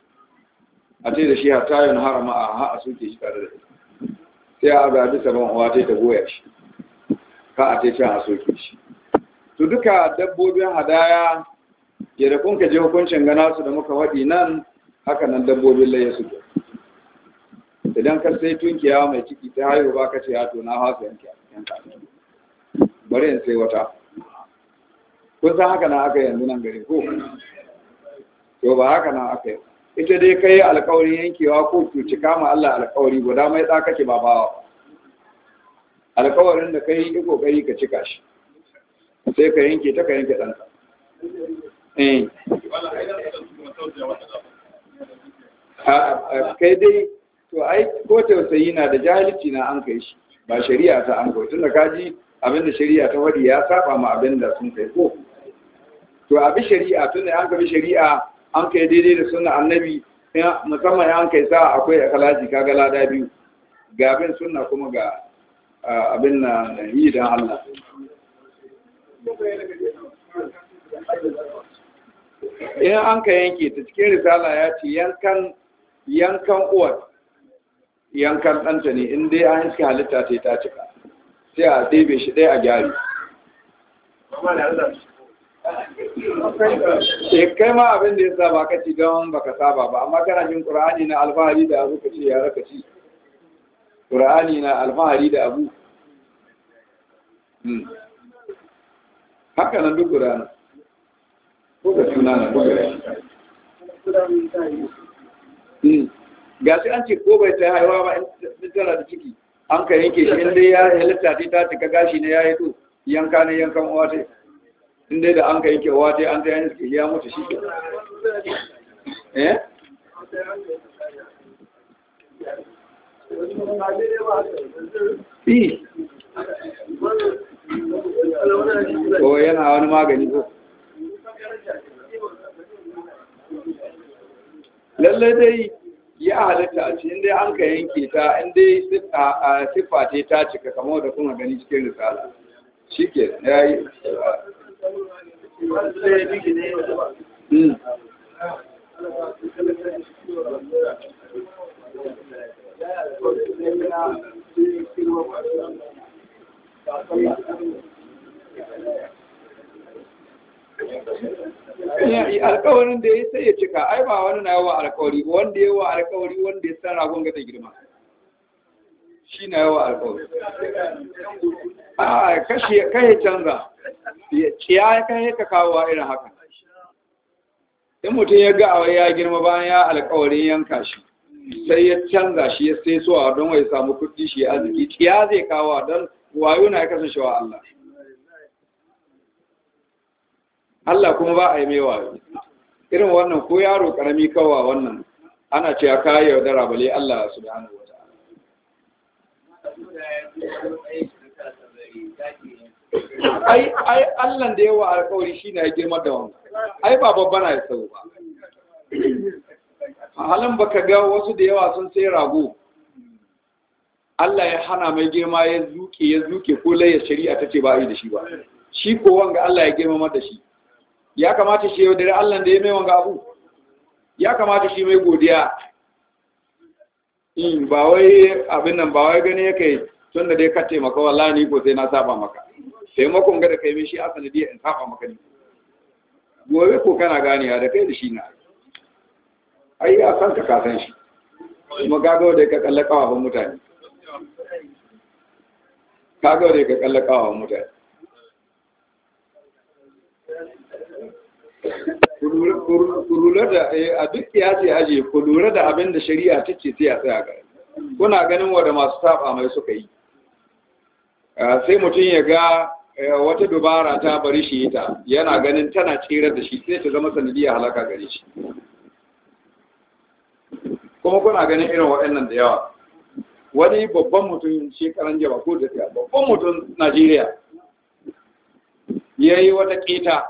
a ce da shi hatta yin harama a ha a soke shi tare da ita sai a zabi ban uwa ta ta goya shi ka a taicin a soke shi to duka dabbobin hadaya ya da kun je hukuncin gana su da muka waɗi nan haka nan dabbobin laye su idan ka sai tunkiya mai ciki ta haihu ba ka ce ya to na hasa yanka bari in sai wata kun san haka nan aka yanzu nan gari ko to ba haka nan aka yanzu ita dai kai alƙawarin yankewa ko cuci kama Allah alƙawari guda mai da kake ba bawa alƙawarin da kai yi kokari ka cika shi sai ka yanke ta ka yanke ɗanka eh. kai dai to ai ko tausayi na da jahilci na an kai shi ba shari'a ta an kai tunda kaji abinda shari'a ta wadi ya saba ma abinda sun kai ko to abi shari'a tunda an kai shari'a an kai daidai da sunna annabi musamman an kai sa akwai akalaji kaga lada biyu ga bin sunna kuma ga abin na yi dan Allah in an ka yanke ta cikin risala ya ce yankan yankan uwar yankan ɗanta ne in dai an iska halitta ta yi ta cika sai a ɗebe shi ɗaya a gyari eh kai ma abin da ya saba ka ci don baka saba ba amma kana jin qur'ani na alfahari da abu ka ya raka ci qur'ani na alfahari da abu hmm. haka nan duk qur'ani ko ga suna na duk qur'ani hmm. ga shi an ce ko bai ta haihuwa ba in tana da ciki an ka yanke shi inda dai ya halitta ta cika gashi ne ya yi to yanka ne yankan uwa ta Inda da an ka yi ta yi an zai an iske ya mutu shi ke Lallai eh? ko yana wani magani ko lalle dai ya halitta a cikin dai an ka yanke ta inda ya siffa ta cika kamar da kuma gani cikin risala shi ke ya yi alkawarin da ya sai ya cika ai ba wani na yawa alkawari wanda ya yawa alkawari wanda ya san ragon gata girma shi na yawa alkawari a kashe kai canza ya kan yi ka kawo irin haka in mutum ya ga awai ya girma bayan ya alkawarin yanka shi sai ya canza shi ya sai a don wai samu kudi shi aziki. Ya zai kawo a don wayo na ya kasance wa Allah Allah kuma ba a yi mai wayo irin wannan ko yaro karami kawo wannan ana ce ya kayi yaudara bale Allah da hannu wata ai ai Allah da yawa alƙawari shine ya girma da wannan ai ba babban ya sau ba a halin baka ga wasu da yawa sun sai rago Allah ya hana mai girma ya zuke ya zuke ko laye shari'a ta ce ba yi da shi ba shi ko wanga Allah ya girma mata shi ya kamata shi yau dare Allah da ya mai wanga abu ya kamata shi mai godiya in hmm, ba wai abin nan ba wai gani yake tun da dai ka taimaka wallahi ni ko sai na saba maka Sai makon gada kai mai shi a sanadiyar in saba maka ne gobe ko kana ganewa da kai da shi na ai ya san ka kasan shi kuma kaga da ka kalla kawafin mutane kaga da ka kalla kawafin mutane kulura da eh, a duk kiyasi aje kulura da abin da shari'a take sai a tsaya ga kuna ganin wanda masu saba mai suka yi ah, sai mutum ya ga Eh, wata dubara ta bari shi ta yana ganin tana tsira da shi sai ta zama sanadiyar halaka gare shi kuma kuna ganin irin waɗannan da yawa wani babban mutum shekaran jaba ko da tsaya babban mutum najeriya ya yi wata ƙeta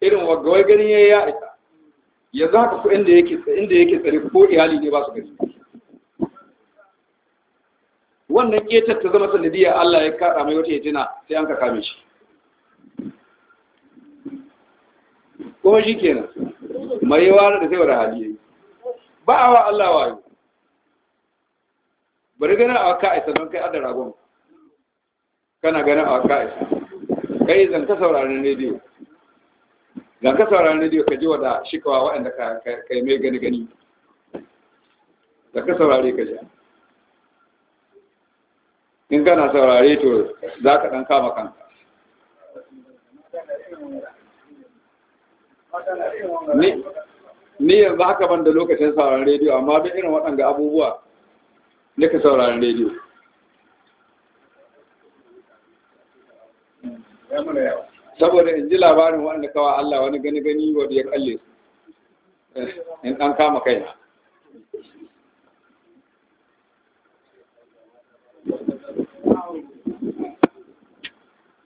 irin wagawai ganin ya yi ya isa yanzu haka ku inda yake tsare ko iyali ne ba su gani wannan ƙetar ta zama sanadiyar Allah ya kaɗa mai wata yatina sai an ka kame shi kuma shi kenan mai wara da sai wada hali ba a wa Allah wayo bari ganin a waka isa don kai adda ragon kana ganin a waka isa kai zan ka sauraron rediyo zan ka sauraron rediyo ka ji wada shikawa waɗanda ka yi mai gani gani zan ka saurare ka ji in gana saurare to za ka ɗan kama kanka ni yanzu haka ban da lokacin sauraron rediyo amma duk irin waɗanda abubuwa nika sauraron rediyo saboda in ji labarin waɗanda kawa Allah wani gani gani wadda ya kalle su eh, in ɗan kama kai.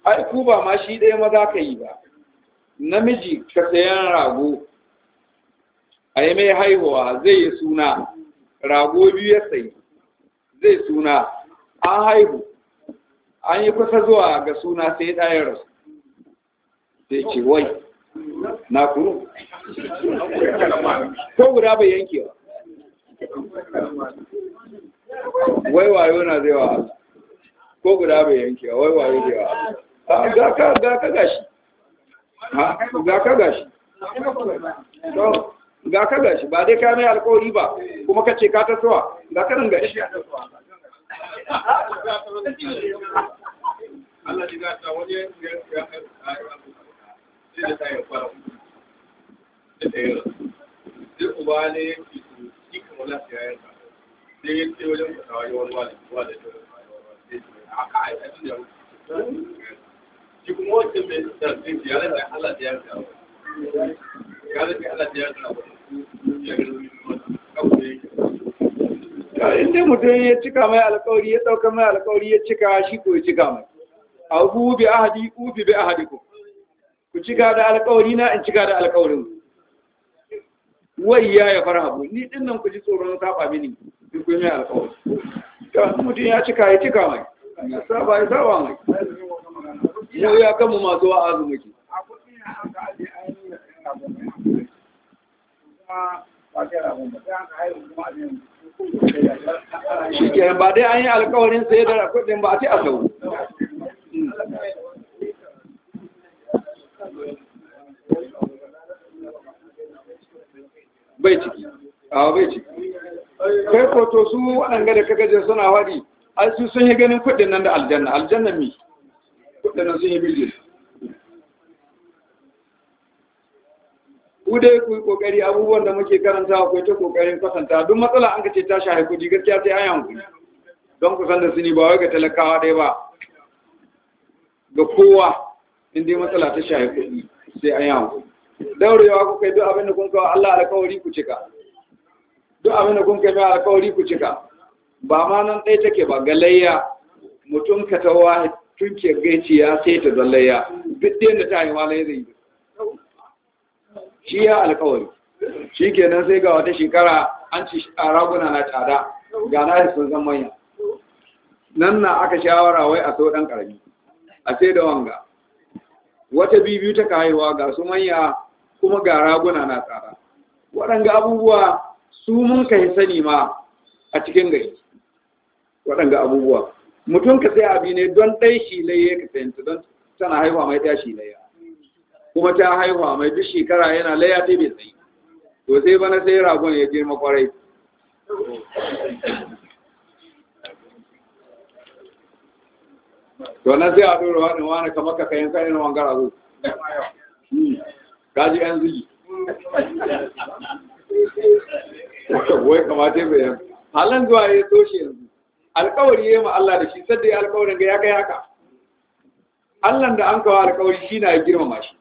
ai ku ba ma shi ɗaya maza ka yi ba namiji ka sayan rago a yi mai haihuwa zai yi suna rago biyu ya sayi zai suna an haihu an yi kusa zuwa ga suna sai ɗayar rasu sai ce wai na kuru ko guda bai yanke ba wai wayo na zai wa ko guda bai yanke ba wai wayo zai wa ga ka gashi ga ka gashi gashi ba dai ka mai alkawari ba kuma ka ce ka ta suwa ga ka nan gashi shi kuma wancan mai tarfin ya rage Allah da ya kawo ya rage Allah da ya kawo ya rage in dai mutum ya cika mai alkawari ya ɗauka mai alkawari ya cika shi ko ya cika mai abu bi ahadi ubi bi ahadi ku ku cika da alkawari na in cika da alkawarin wai ya ya farhabu ni din nan ku ji tsoron saba mini in ku yi mai alkawari mutum ya cika ya cika mai ya saba ya saba mai mu ya kanmu masu wa'azu muke shi ke ba dai an yi alkawarin sai da kudin ba a ce a sau bai ciki a bai ciki kai koto su waɗanda da kagajin suna waɗi a su sun yi ganin kudin nan da aljanna aljanna mai tanazihi bil jins ku ku yi kokari abubuwan da muke karanta akwai ta kokarin kwasanta duk matsala an kace ta shahi kuji gaskiya sai an yanku don ku san da su ne ba wai ga talakawa dai ba ga kowa in dai matsala ta shahi kuɗi sai an yanku daurewa ku kai duk abin da kun kawo Allah alkawari ku cika duk abin da kun kai mai alkawari ku cika ba ma nan ɗaya take ba galayya mutum ka tawa Tunke gaici ya sai ta zallaya duk da yadda ta haihuwa na zai yi shi ya alkawari shi kenan sai ga wata shekara an ci raguna na tsada ga na sun zan manya nan na aka shawara wai a sau ɗan ƙarami a sai da wanga wata bibiyu ta kayewa ga su manya kuma ga raguna na tsada waɗanga abubuwa su mun kai sani ma a cikin gari waɗanga abubuwa mutum ka sai abi ne don ɗai shi laye ka sayanta don tana haihuwa mai ɗaya shi laya kuma ta haihuwa mai duk shekara yana laya ta bai tsayi to sai bana sai ragon ya girma kwarai to na sai a dora wani wani kamar ka kayan kayan wangara zo hmm. kaji yan zuji wai kamar bai yan halin zuwa ya toshe yanzu alƙawari ya yi ma Allah da shi sadda ya alƙawarin ga ya kai haka Allah da an kawo alƙawari shi na ya girmama shi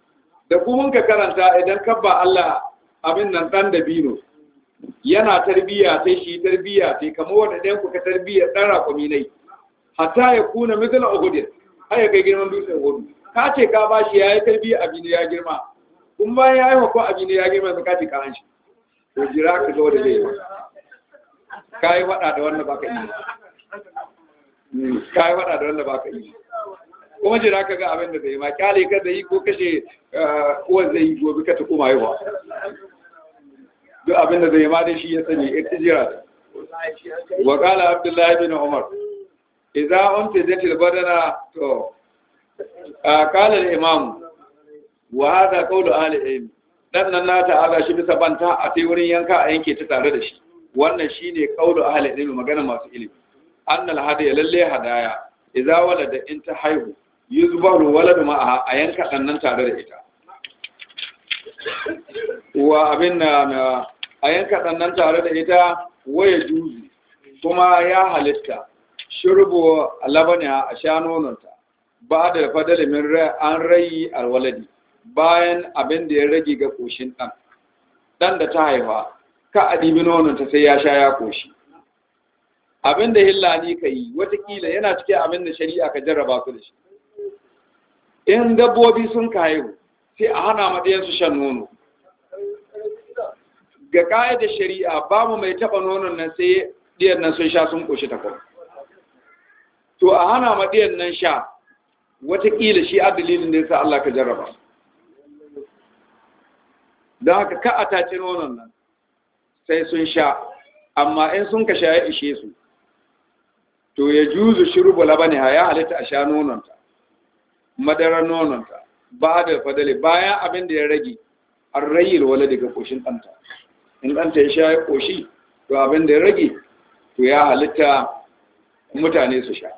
da kuma ka karanta idan kabba Allah abin nan dan da bino yana tarbiyya sai shi tarbiyya sai kama wanda ɗayan ku ka tarbiyya ɗan rakumi nai hatta ya kuna mizal uhudin har ya kai girman dutsen hudu ka ce ka ba shi ya yi tarbiyya abin ya girma kun bayan ya yi wa ko abin ya girma sai ka ce ka shi to jira ka zo da zai yi ka yi waɗa da wannan baka yi ka yi wada da wanda ba ka yi kuma jira ka ga abin da zai ma kyale ka zai ko kashe eh, uwan zai yi gobe ka ta koma yi ba duk abin da zai ma da shi ya sani ya ta jira wa kala abdullahi bin umar idza unti zati albadana to kala al-imam wa hada qawlu ahli ilm dan nan na ta'ala shi bisa banta a sai wurin yanka a yanke ta tare da shi wannan shine qawlu ahli ilm magana masu ilimi annal hadaya lalle hadaya idza walada in ta haihu yuzbahu waladu ma'aha a yanka dannan tare da ita wa abin na a yanka dannan tare da ita waya juzi kuma ya halitta shurbu labaniya a sha nononta ba da fadali min an rayi alwaladi bayan abin da ya rage ga koshin dan dan da ta haifa ka adibi nononta sai ya sha ya koshi abin da ne ka yi watakila yana cike abin da shari'a ka jarraba su da shi in dabbobi sun kayu sai a hana maɗayansu shan nono ga da shari'a mu mai taɓa nonon nan sai ɗiyar nan sun sha sun ƙoshi takwas to a hana maɗiyan nan sha watakila shi a dalilin da ya sa Allah ka jarraba don haka ka a tace nonon nan sai sun sha amma in sun ka sha ya ishe su to ya juzu shiru ba ne ya halitta a sha nononta madarar nononta ba da fadale bayan abin da ya rage an rayyar wale daga koshin ɗanta in ɗanta ya sha ya koshi to abin da ya rage to ya halitta mutane su sha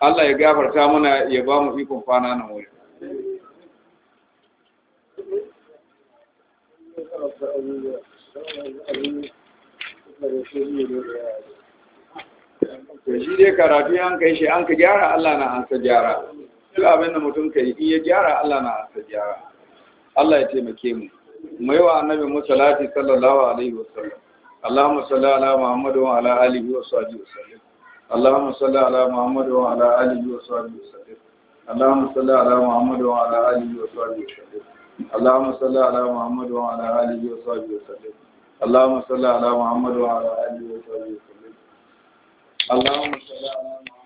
Allah ya gafarta mana ya ba mu ikon kwana nan wuri Thank to shi dai karatu an kai shi an ka gyara Allah na an gyara duk abin da mutum kai in ya gyara Allah na an gyara Allah ya taimake mu mu yi wa annabi musallati sallallahu alaihi wasallam اللهم صل على محمد وعلى اله وصحبه وسلم اللهم صل على محمد وعلى اله وصحبه وسلم اللهم صل على محمد وعلى اله وصحبه وسلم اللهم صل على محمد وعلى اله وصحبه وسلم اللهم صل على محمد وعلى اله وصحبه وسلم اللهم صل على محمد